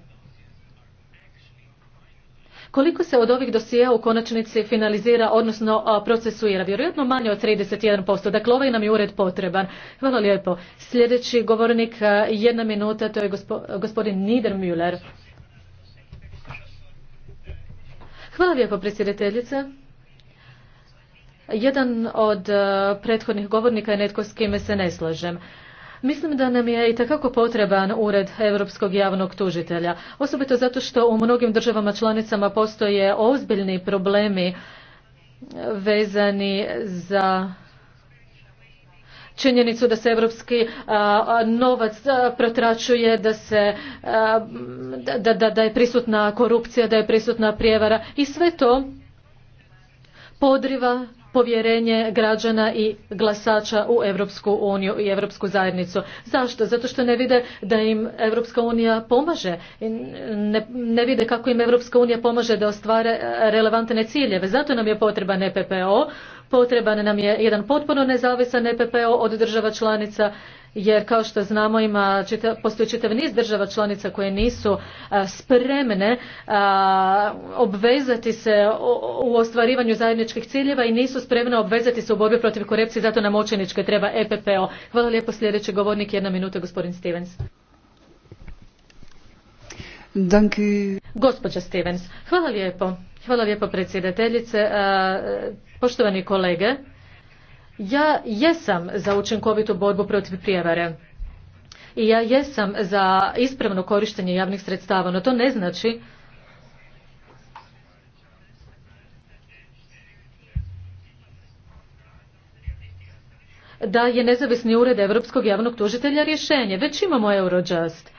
koliko se od ovih dosija u konačnici finalizira, odnosno procesuira? Vjerojatno manje od 31%. Dakle, ovaj nam je ured potreban. Hvala lijepo. Sljedeći govornik, jedna minuta, to je gospodin Niedermüller. Hvala lijepo, predsjedateljice. Jedan od prethodnih govornika je netko s kime se ne slažem. Mislim da nam je i takako potreban ured Europskog javnog tužitelja, osobito zato što u mnogim državama članicama postoje ozbiljni problemi vezani za činjenicu da se europski novac protračuje, da, se, da je prisutna korupcija, da je prisutna prijevara i sve to podriva povjerenje građana i glasača u Europsku uniju i Europsku zajednicu. Zašto? Zato što ne vide da im Europska unija pomaže. Ne, vide kako im Europska unija pomaže da ostvare relevantne ciljeve. Zato nam je potreban EPPO, potreban nam je jedan potpuno nezavisan EPPO od država članica jer kao što znamo ima postoji čitav niz država članica koje nisu e, spremne e, obvezati se u ostvarivanju zajedničkih ciljeva i nisu spremne obvezati se u borbi protiv korupcije, zato nam učeničke treba EPPO. Hvala lijepo sljedeći govornik, jedna minuta, gospodin Stevens. Gospodin Stevens, hvala lijepo. Hvala lijepo predsjedateljice. E, poštovani kolege, ja jesam za učinkovitu borbu protiv prijevare. I ja jesam za ispravno korištenje javnih sredstava, no to ne znači da je nezavisni ured Europskog javnog tužitelja rješenje. Već imamo Eurojust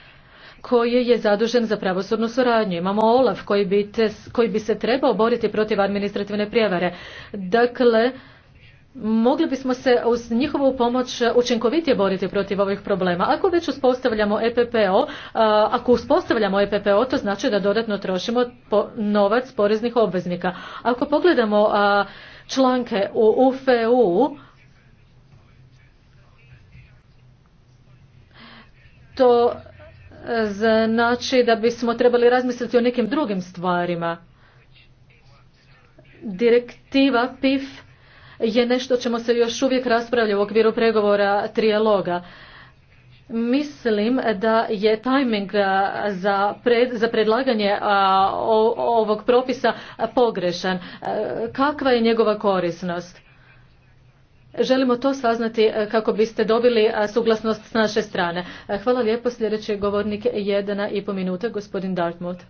koji je zadužen za pravosudnu suradnju. Imamo OLAF koji bi, koji bi se trebao boriti protiv administrativne prijevare. Dakle, mogli bismo se uz njihovu pomoć učinkovitije boriti protiv ovih problema. Ako već uspostavljamo EPPO, ako uspostavljamo EPPO, to znači da dodatno trošimo novac poreznih obveznika. Ako pogledamo članke u UFU, e to e, znači da bismo trebali razmisliti o nekim drugim stvarima. Direktiva PIF je nešto čemu se još uvijek raspravlja u okviru pregovora trijaloga. Mislim da je tajming za, za predlaganje ovog propisa pogrešan. Kakva je njegova korisnost? Želimo to saznati kako biste dobili suglasnost s naše strane. Hvala lijepo. Sljedeći govornik jedana i po minuta, gospodin Dartmouth.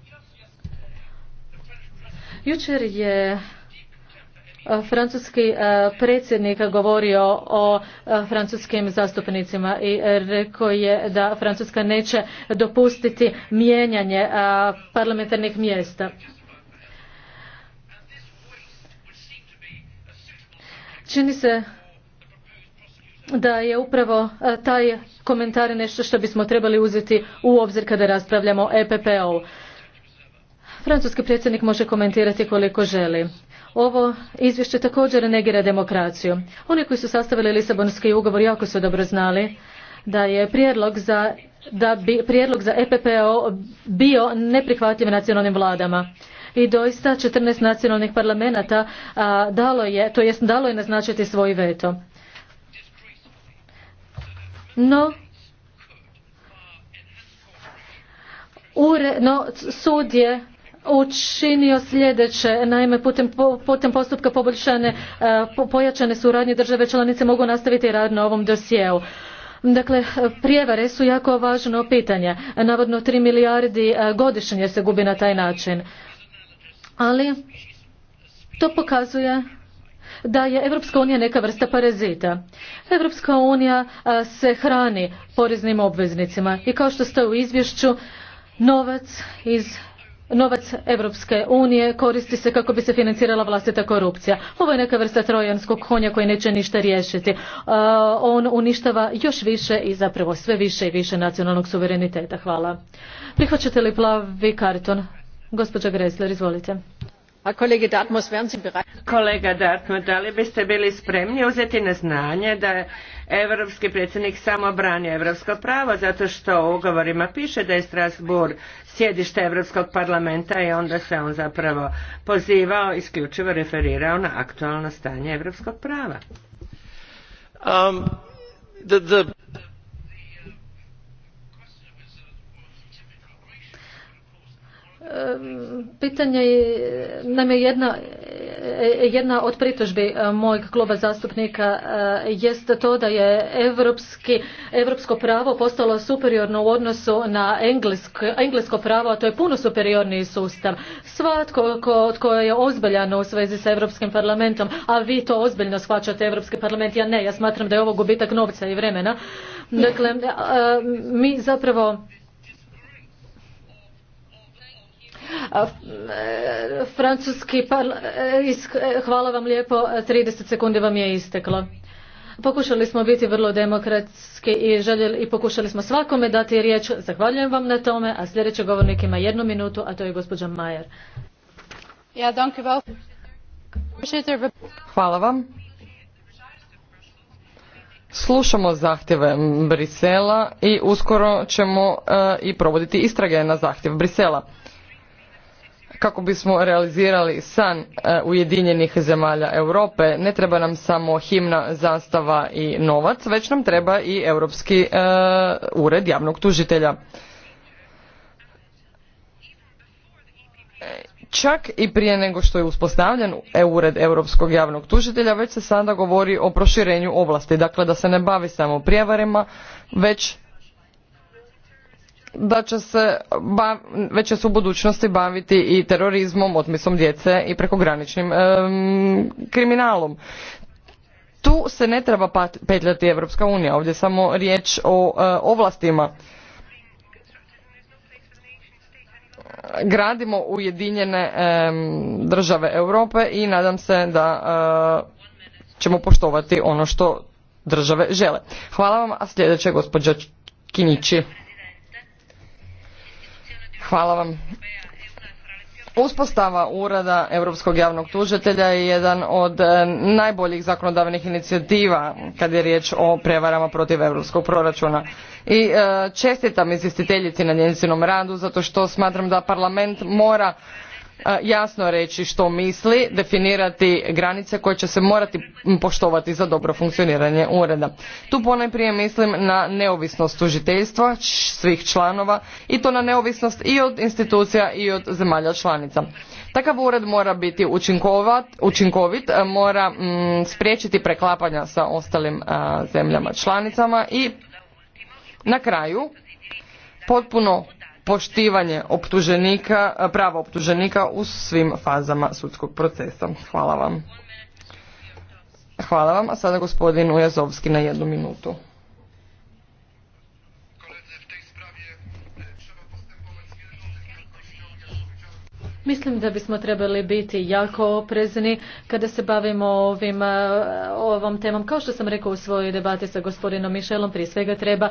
Jučer je E, francuski e, predsjednik govorio o e, francuskim zastupnicima i rekao je da Francuska neće dopustiti mijenjanje parlamentarnih mjesta. Čini se da je upravo taj komentar nešto što bismo trebali uzeti u obzir kada raspravljamo o EPP-u. Francuski predsjednik može komentirati koliko želi. Ovo izvješće također negira demokraciju. Oni koji su sastavili Lisabonski ugovor jako su dobro znali da je prijedlog za da bi prijedlog za EPPO bio neprihvatljiv nacionalnim vladama. I doista 14 nacionalnih parlamenata dalo je, to jest dalo je naznačiti svoj veto. No, ure, no sud je učinio sljedeće. Naime, putem, postupka poboljšane, e, pojačane suradnje države članice mogu nastaviti rad na ovom dosjeu. Dakle, prijevare su jako važno pitanje. Navodno 3 milijardi e, godišnje se gubi na taj način. Ali to pokazuje da je Europska unija neka vrsta parazita. Europska unija e, se hrani poreznim obveznicima i kao što stoji u izvješću, novac iz novac Europske unije koristi se kako bi se financirala vlastita korupcija. Ovo je neka vrsta trojanskog konja koji neće ništa riješiti. Uh, on uništava još više i zapravo sve više i više nacionalnog suvereniteta. Hvala. Prihvaćate li plavi karton? Gospođa Gresler, izvolite kolega dartmouth da li biste bili spremni uzeti na znanje da europski predsjednik samo brani europsko pravo zato što u ugovorima piše da je strasbourg sjedište europskog parlamenta i onda se on zapravo pozivao isključivo referirao na aktualno stanje europskog prava? Um, Pitanje nam je jedna, e, jedna od pritužbi e, mojeg kluba zastupnika e, jest to da je Europsko evropsko pravo postalo superiorno u odnosu na englesko, pravo, a to je puno superiorniji sustav. Svatko tko je ozbiljan u svezi sa Europskim parlamentom, a vi to ozbiljno shvaćate Europski parlament, ja ne, ja smatram da je ovo gubitak novca i vremena. Dakle, mi zapravo E, francuski parla... E, e, hvala vam lijepo, 30 sekundi vam je isteklo. Pokušali smo biti vrlo demokratski i, i pokušali smo svakome dati riječ. Zahvaljujem vam na tome, a sljedeći govornik ima jednu minutu, a to je gospođa Majer. Hvala vam. Slušamo zahtjeve Brisela i uskoro ćemo i provoditi istrage na zahtjev Brisela kako bismo realizirali san e, ujedinjenih zemalja Europe ne treba nam samo himna, zastava i novac, već nam treba i europski e, ured javnog tužitelja. Čak i prije nego što je uspostavljen e, ured europskog javnog tužitelja već se sada govori o proširenju ovlasti, dakle da se ne bavi samo prijevarima, već da će se već će se u budućnosti baviti i terorizmom, otmisom djece i prekograničnim kriminalom. Tu se ne treba petljati Evropska unija, ovdje je samo riječ o e, ovlastima. Gradimo ujedinjene države Europe i nadam se da e, ćemo poštovati ono što države žele. Hvala vam, a sljedeće gospođa Kinići. Hvala vam. Uspostava urada Europskog javnog tužitelja je jedan od e, najboljih zakonodavnih inicijativa kad je riječ o prevarama protiv europskog proračuna. I e, čestitam izvjestiteljici na njezinom radu zato što smatram da parlament mora jasno reći što misli, definirati granice koje će se morati poštovati za dobro funkcioniranje ureda. Tu ponajprije mislim na neovisnost tužiteljstva svih članova i to na neovisnost i od institucija i od zemalja članica. Takav ured mora biti učinkovit, mora spriječiti preklapanja sa ostalim zemljama članicama i na kraju potpuno poštivanje optuženika, prava optuženika u svim fazama sudskog procesa. Hvala vam. Hvala vam, a sada gospodin Ujazovski na jednu minutu. Mislim da bismo trebali biti jako oprezni kada se bavimo ovim, e, ovom temom. Kao što sam rekao u svojoj debati sa gospodinom Mišelom, prije svega treba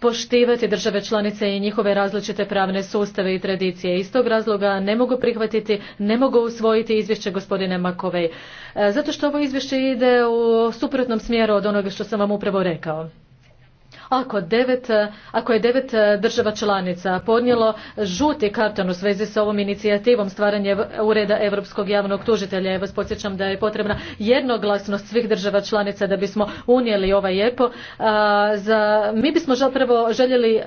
poštivati države članice i njihove različite pravne sustave i tradicije. Iz tog razloga ne mogu prihvatiti, ne mogu usvojiti izvješće gospodine Makovej. E, zato što ovo izvješće ide u suprotnom smjeru od onoga što sam vam upravo rekao ako, devet, eh, ako je devet eh, država članica podnijelo žuti karton u svezi s ovom inicijativom stvaranje ureda Europskog javnog tužitelja. Ja vas podsjećam da je potrebna jednoglasnost svih država članica da bismo unijeli ovaj EPO. Za, mi bismo zapravo željeli,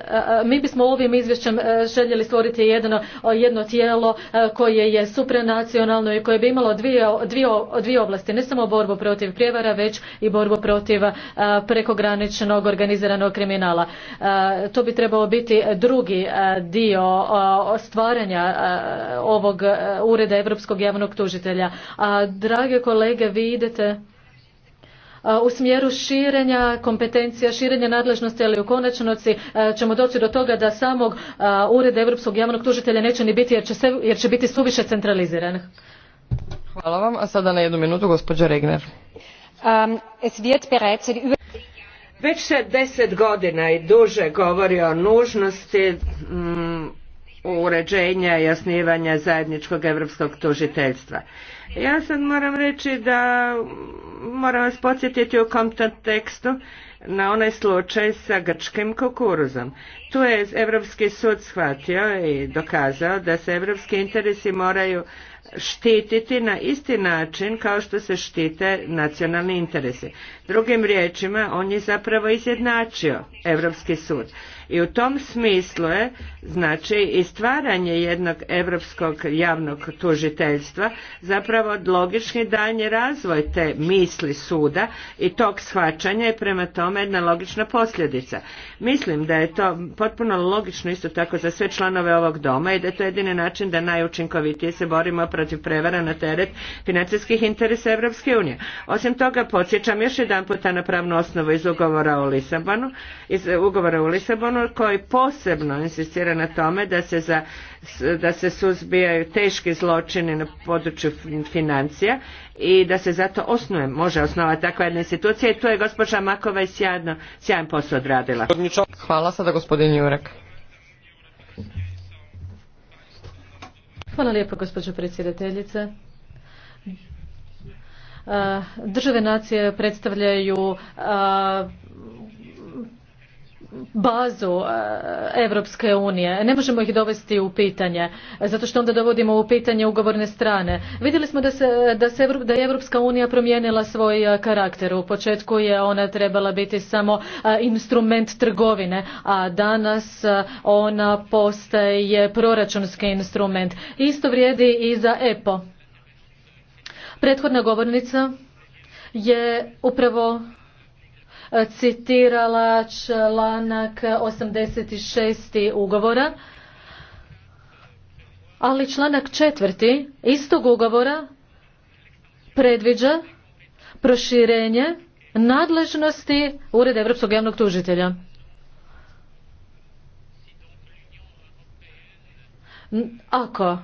mi bismo ovim izvješćem eh, željeli stvoriti jedno, jedno tijelo koje je supranacionalno i koje bi imalo dvije, dvije, dvije oblasti, ne samo borbu protiv prijevara, već i borbu protiv prekograničnog organiziranog kriminala. E, to bi trebao biti drugi e, dio e, stvaranja ovog ureda Europskog javnog tužitelja. A, drage kolege, vi idete u smjeru širenja kompetencija, širenja nadležnosti, ali u konačnici ćemo doći do toga da samog ureda Europskog javnog tužitelja neće ni biti jer će, biti suviše centraliziran. Hvala vam, a sada na jednu minutu gospođa Regner. Um, već se deset godina i duže govori o nužnosti mm, uređenja i osnivanja zajedničkog europskog tužiteljstva. Ja sad moram reći da moram vas podsjetiti u kontekstu na onaj slučaj sa grčkim kukuruzom. Tu je Europski sud shvatio i dokazao da se europski interesi moraju štititi na isti način kao što se štite nacionalni interesi. Drugim riječima, on je zapravo izjednačio Europski sud. I u tom smislu je znači i stvaranje jednog europskog javnog tužiteljstva zapravo logični daljnji razvoj te misli suda i tog shvaćanja i prema tome jedna logična posljedica. Mislim da je to potpuno logično isto tako za sve članove ovog doma i da je to jedini način da najučinkovitije se borimo protiv prevara na teret financijskih interesa Europske unije. Osim toga podsjećam još jedan puta na pravnu osnovu iz ugovora o Lisabonu, iz ugovora o Lisabonu zakonu koji posebno insistira na tome da se, za, da se suzbijaju teški zločini na području financija i da se zato osnuje, može osnovati takva jedna institucija i tu je gospođa Makova i sjajno, sjajan posao odradila. Hvala sada gospodin Jurek. Hvala lijepo gospođo predsjedateljice. Države nacije predstavljaju bazu Europske unije. Ne možemo ih dovesti u pitanje, zato što onda dovodimo u pitanje ugovorne strane. Vidjeli smo da, se, da, se, da je Europska unija promijenila svoj e, karakter. U početku je ona trebala biti samo e, instrument trgovine, a danas e, ona postaje proračunski instrument. Isto vrijedi i za EPO. Prethodna govornica je upravo E, citirala članak 86. ugovora, ali članak 4. istog ugovora predviđa proširenje nadležnosti Ureda Europskog javnog tužitelja. Ako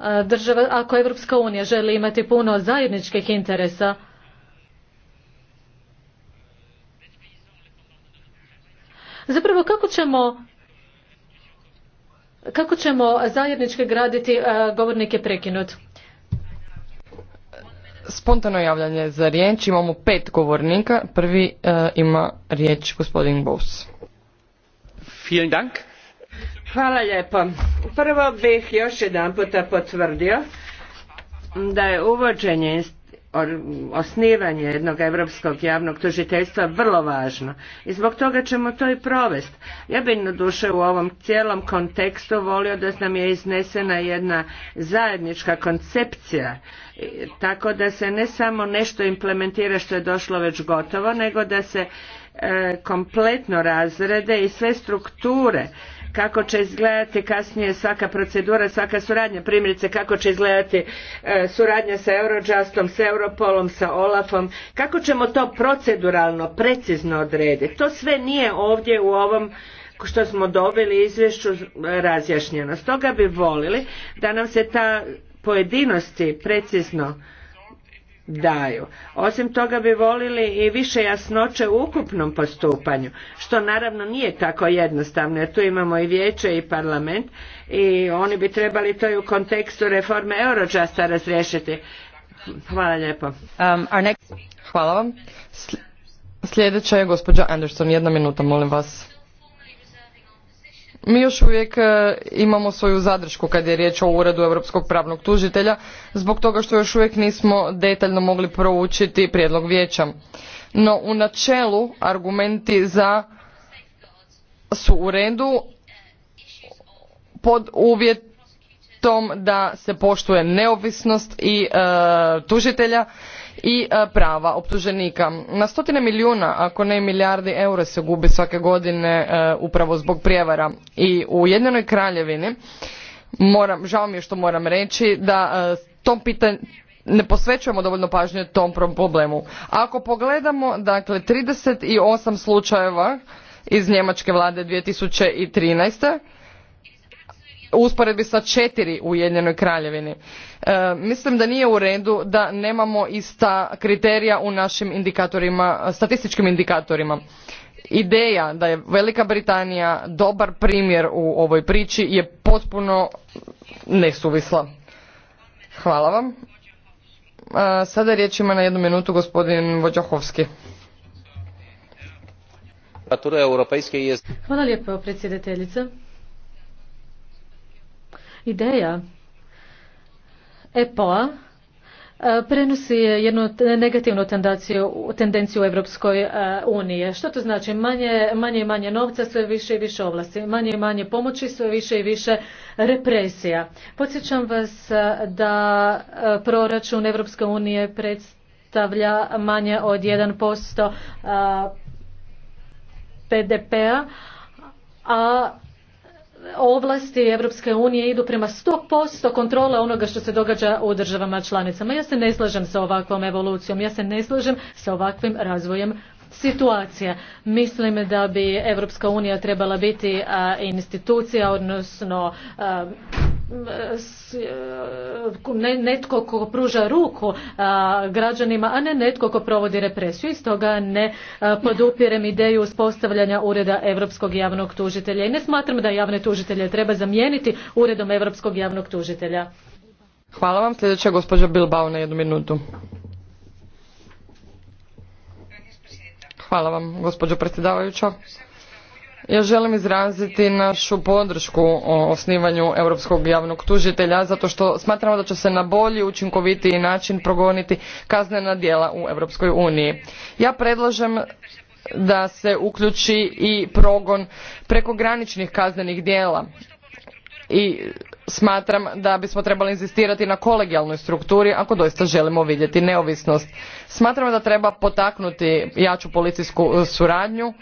e, država, ako Evropska unija želi imati puno zajedničkih interesa, Zapravo kako ćemo kako ćemo zajednički graditi e, govornike prekinut? Spontano javljanje za riječ. Imamo pet govornika. Prvi e, ima riječ gospodin Bous. Vielen Dank. Hvala lijepo. Prvo bih još jedan puta potvrdio da je uvođenje osnivanje jednog europskog javnog tužiteljstva vrlo važno i zbog toga ćemo to i provesti. Ja bih na duše u ovom cijelom kontekstu volio da nam je iznesena jedna zajednička koncepcija tako da se ne samo nešto implementira što je došlo već gotovo nego da se e, kompletno razrede i sve strukture kako će izgledati kasnije svaka procedura, svaka suradnja, primjerice kako će izgledati e, suradnja sa Eurojustom, sa Europolom, sa Olafom, kako ćemo to proceduralno, precizno odrediti. To sve nije ovdje u ovom što smo dobili izvješću razjašnjeno. Stoga bi volili da nam se ta pojedinosti precizno daju. Osim toga bi volili i više jasnoće u ukupnom postupanju, što naravno nije tako jednostavno, jer tu imamo i vijeće i parlament i oni bi trebali to i u kontekstu reforme Eurojusta razriješiti. Hvala lijepo. Um, Hvala vam. Sljedeća je gospođa Anderson. Jedna minuta, molim vas mi još uvijek e, imamo svoju zadršku kad je riječ o uredu europskog pravnog tužitelja zbog toga što još uvijek nismo detaljno mogli proučiti prijedlog vijeća no u načelu argumenti za su u redu pod uvjetom da se poštuje neovisnost i e, tužitelja i e, prava optuženika. Na stotine milijuna, ako ne milijardi eura se gubi svake godine e, upravo zbog prijevara i u Ujedinjenoj kraljevini žao mi je što moram reći da e, tom pitanju ne posvećujemo dovoljno pažnje tom problemu. ako pogledamo, dakle, 38 slučajeva iz njemačke vlade 2013 u usporedbi sa četiri u Ujedinjenoj kraljevini. E, mislim da nije u redu da nemamo ista kriterija u našim indikatorima, statističkim indikatorima. Ideja da je Velika Britanija dobar primjer u ovoj priči je potpuno nesuvisla. Hvala vam. sada riječ ima na jednu minutu gospodin Vođahovski. Hvala lijepo predsjedateljice. Ideja EPO-a e, prenosi jednu negativnu tendenciju, u Europskoj e, Unije. Što to znači? Manje, manje i manje novca, sve više i više ovlasti. Manje i manje pomoći, sve više i više represija. Podsjećam vas e, da proračun Europske unije predstavlja manje od 1% posto p-a, a ovlasti Europske unije idu prema 100% kontrole onoga što se događa u državama članicama. Ja se ne slažem sa ovakvom evolucijom, ja se ne slažem sa ovakvim razvojem situacija. Mislim da bi Europska unija trebala biti institucija, odnosno E, e, netko ko pruža ruku građanima, a ne netko ko provodi represiju. I toga ne podupirem ideju uspostavljanja ureda Europskog javnog tužitelja. I ne smatram da javne tužitelje treba zamijeniti uredom Europskog javnog tužitelja. Hvala vam. Sljedeća gospođa Bilbao na jednu minutu. Hvala vam, gospođo predsjedavajuća. Ja želim izraziti našu podršku o osnivanju Europskog javnog tužitelja zato što smatramo da će se na bolji, učinkovitiji način progoniti kaznena djela u Europskoj uniji. Ja predlažem da se uključi i progon prekograničnih kaznenih djela i smatram da bismo trebali inzistirati na kolegijalnoj strukturi ako doista želimo vidjeti neovisnost. Smatram da treba potaknuti jaču policijsku suradnju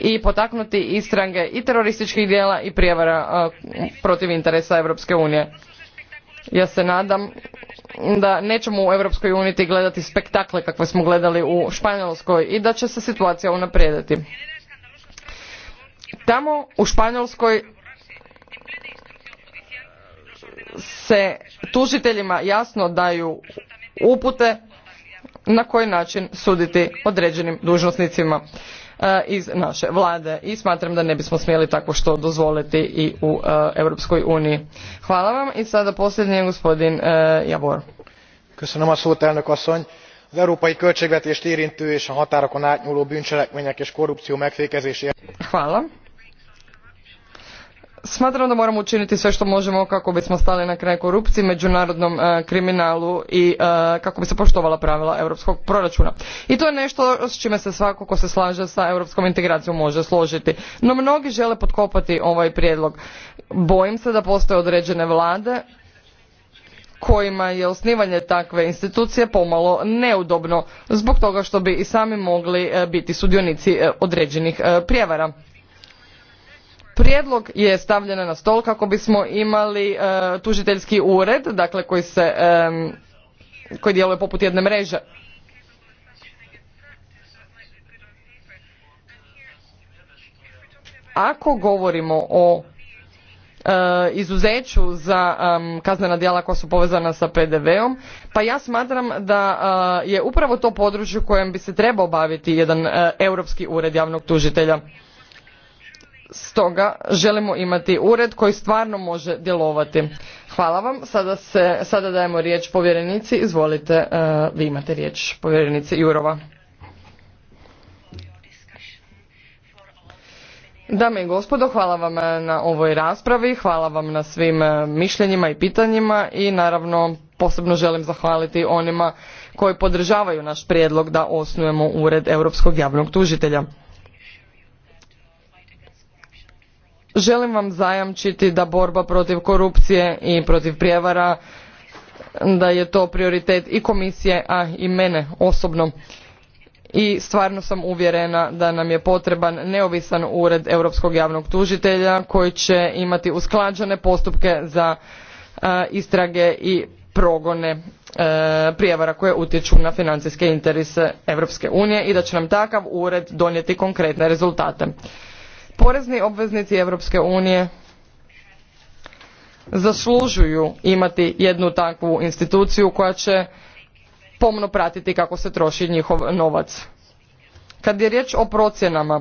i potaknuti istrage i terorističkih djela i prijevara protiv interesa Europske unije. Ja se nadam da nećemo u Europskoj uniji gledati spektakle kakve smo gledali u Španjolskoj i da će se situacija unaprijediti. Tamo u Španjolskoj se tužiteljima jasno daju upute na koji način suditi određenim dužnosnicima. E, iz naše vlade i smatram da ne bismo smjeli takvo što dozvoliti i u e, Europskoj uniji. Hvala vam i sada posljednji je gospodin e, Javor. Köszönöm a szót, elnök asszony. Az európai költségvetést érintő és a határokon átnyúló bűncselekmények és korrupció megfékezésére... Hvala. Smatram da moramo učiniti sve što možemo kako bismo stali na kraj korupciji, međunarodnom e, kriminalu i e, kako bi se poštovala pravila europskog proračuna. I to je nešto s čime se svako ko se slaže sa europskom integracijom može složiti. No mnogi žele potkopati ovaj prijedlog. Bojim se da postoje određene vlade kojima je osnivanje takve institucije pomalo neudobno zbog toga što bi i sami mogli e, biti sudionici određenih prijevara prijedlog je stavljen na stol kako bismo imali e, tužiteljski ured dakle koji se e, koji djeluje poput jedne mreže ako govorimo o e, izuzeću za kaznena djela koja su povezana sa PDV-om, pa ja smatram da je upravo to područje kojem bi se trebao baviti jedan europski ured javnog tužitelja stoga želimo imati ured koji stvarno može djelovati. Hvala vam. Sada, se, sada dajemo riječ povjerenici. Izvolite, e, vi imate riječ povjerenici Jurova. Dame i gospodo, hvala vam na ovoj raspravi, hvala vam na svim e, mišljenjima i pitanjima i naravno posebno želim zahvaliti onima koji podržavaju naš prijedlog da osnujemo Ured Europskog javnog tužitelja. želim vam zajamčiti da borba protiv korupcije i protiv prijevara da je to prioritet i komisije a i mene osobno i stvarno sam uvjerena da nam je potreban neovisan ured europskog javnog tužitelja koji će imati usklađene postupke za istrage i progone e, prijevara koje utječu na financijske interese europske unije i da će nam takav ured donijeti konkretne rezultate. Porezni obveznici Europske unije zaslužuju imati jednu takvu instituciju koja će pomno pratiti kako se troši njihov novac. Kad je riječ o procjenama,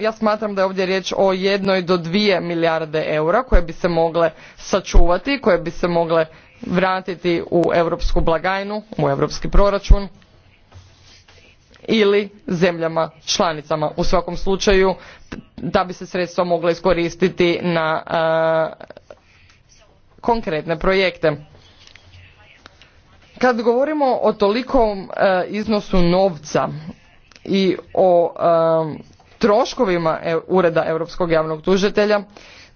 ja smatram da je ovdje riječ o jednoj do dvije milijarde eura koje bi se mogle sačuvati, koje bi se mogle vratiti u europsku blagajnu, u europski proračun ili zemljama članicama u svakom slučaju da bi se sredstva mogla iskoristiti na e, konkretne projekte kad govorimo o tolikom e, iznosu novca i o e, troškovima ureda europskog javnog tužitelja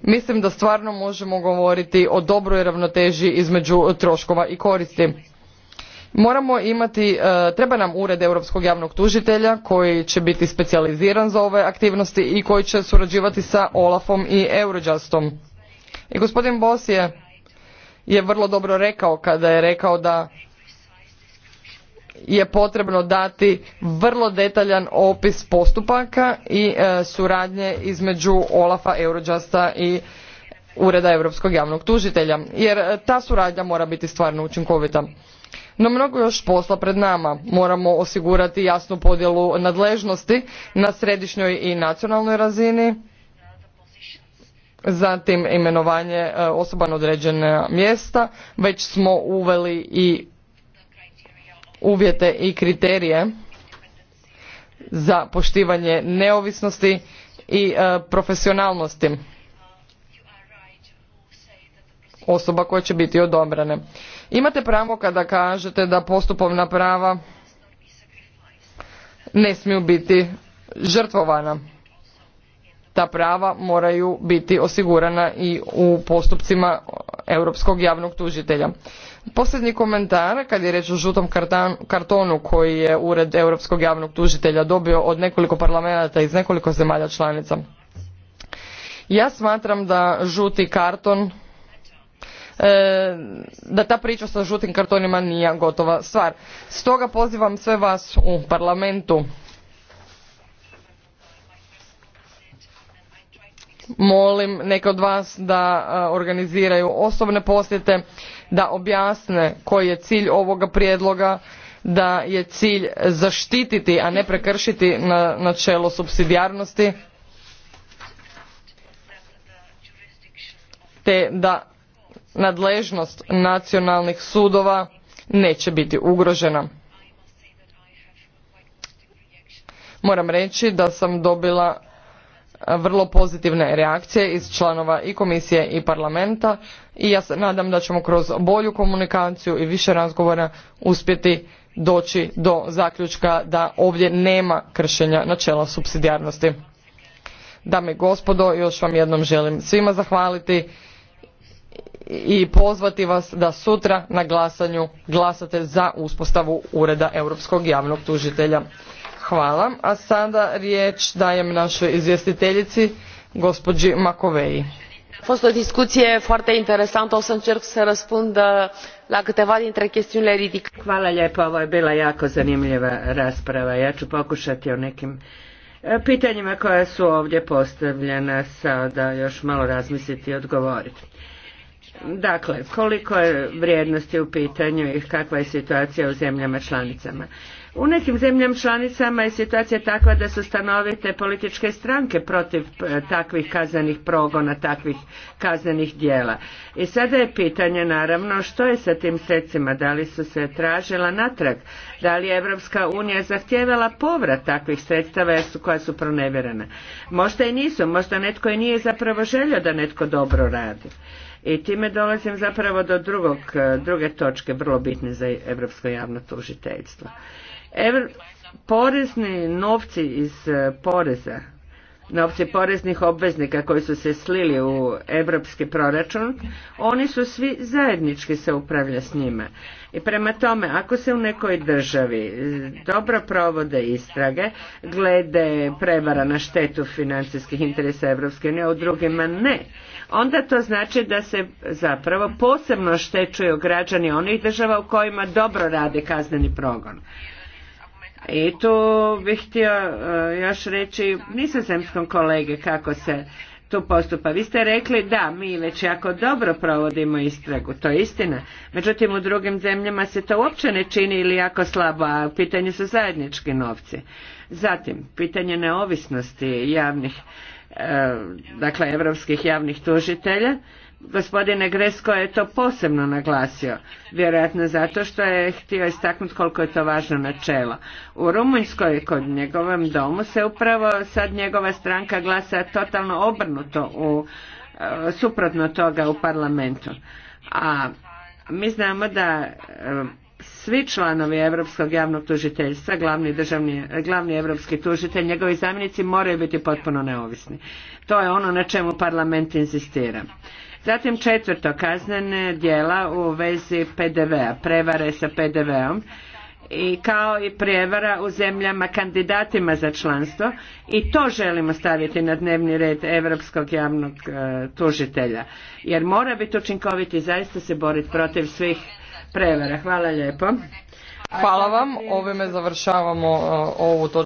mislim da stvarno možemo govoriti o dobroj ravnoteži između troškova i koristi Moramo imati, e, treba nam ured europskog javnog tužitelja koji će biti specijaliziran za ove aktivnosti i koji će surađivati sa Olafom i Eurojustom. I gospodin Bos je, vrlo dobro rekao kada je rekao da je potrebno dati vrlo detaljan opis postupaka i e, suradnje između Olafa, Eurojusta i Ureda Europskog javnog tužitelja, jer e, ta suradnja mora biti stvarno učinkovita no mnogo još posla pred nama moramo osigurati jasnu podjelu nadležnosti na središnjoj i nacionalnoj razini zatim imenovanje e, osoba na određena mjesta već smo uveli i uvjete i kriterije za poštivanje neovisnosti i e, profesionalnosti osoba koje će biti odobrane. Imate pravo kada kažete da postupovna prava ne smiju biti žrtvovana. Ta prava moraju biti osigurana i u postupcima Europskog javnog tužitelja. Posljednji komentar, kad je reč o žutom kartonu koji je Ured Europskog javnog tužitelja dobio od nekoliko parlamenta iz nekoliko zemalja članica. Ja smatram da žuti karton E, da ta priča sa žutim kartonima nije gotova stvar. Stoga pozivam sve vas u parlamentu molim neke od vas da e, organiziraju osobne posjete da objasne koji je cilj ovoga prijedloga da je cilj zaštititi a ne prekršiti na načelo supsidijarnosti te da nadležnost nacionalnih sudova neće biti ugrožena. Moram reći da sam dobila e, vrlo pozitivne reakcije iz članova i komisije i parlamenta i ja se nadam da ćemo kroz bolju komunikaciju i više razgovora uspjeti doći do zaključka da ovdje nema kršenja načela supsidijarnosti. Dame i gospodo, još vam jednom želim svima zahvaliti i pozvati vas da sutra na glasanju glasate za uspostavu Ureda Europskog javnog tužitelja. Hvala. A sada riječ dajem našoj izvjestiteljici, gospođi Makoveji. A fost o discuție foarte interesantă, o să încerc să răspund uh, la câteva dintre chestiunile ridicate. Hvala lijepa. ovo je bila jako zanimljiva rasprava. Ja ću pokušati o nekim e, pitanjima koja su ovdje postavljena sada još malo razmisliti i odgovoriti. Dakle, koliko je vrijednosti u pitanju i kakva je situacija u zemljama članicama. U nekim zemljama članicama je situacija takva da su stanovite političke stranke protiv e, takvih kaznenih progona, takvih kaznenih dijela. I sada je pitanje naravno što je sa tim sredstvima, da li su se tražila natrag, da li je Evropska unija zahtijevala povrat takvih sredstava su, koja su pronevjerena. Možda i nisu, možda netko i nije zapravo želio da netko dobro radi. I time dolazim zapravo do drugog, e, druge točke vrlo bitne za Europsko javno tužiteljstvo porezni novci iz e, poreza, novci poreznih obveznika koji su se slili u europski proračun, oni su svi zajednički se upravlja s njima. I prema tome, ako se u nekoj državi e, dobro provode istrage glede prevara na štetu financijskih interesa EU, unije, u drugima ne, onda to znači da se zapravo posebno štećuju građani onih država u kojima dobro rade kazneni progon. I tu bih htio e, još reći zemskom kolege kako se tu postupa. Vi ste rekli da mi već jako dobro provodimo istragu, to je istina. Međutim, u drugim zemljama se to uopće ne čini ili jako slabo, a u pitanju su zajednički novci. Zatim, pitanje neovisnosti javnih, e, dakle, evropskih javnih tužitelja gospodine Gresko je to posebno naglasio, vjerojatno zato što je htio istaknuti koliko je to važno načelo. U Rumunjskoj kod njegovom domu se upravo sad njegova stranka glasa totalno obrnuto u e, suprotno toga u parlamentu. A mi znamo da e, svi članovi Europskog javnog tužiteljstva, glavni, državni, glavni europski tužitelj, njegovi zamjenici moraju biti potpuno neovisni. To je ono na čemu parlament inzistira. Zatim četvrto, kaznene djela u vezi PDV-a, prevare sa PDV-om i kao i prijevara u zemljama kandidatima za članstvo i to želimo staviti na dnevni red europskog javnog e, tužitelja jer mora biti učinkoviti i zaista se boriti protiv svih prevara. Hvala lijepo. Hvala vam. Ovime završavamo e, ovu točku.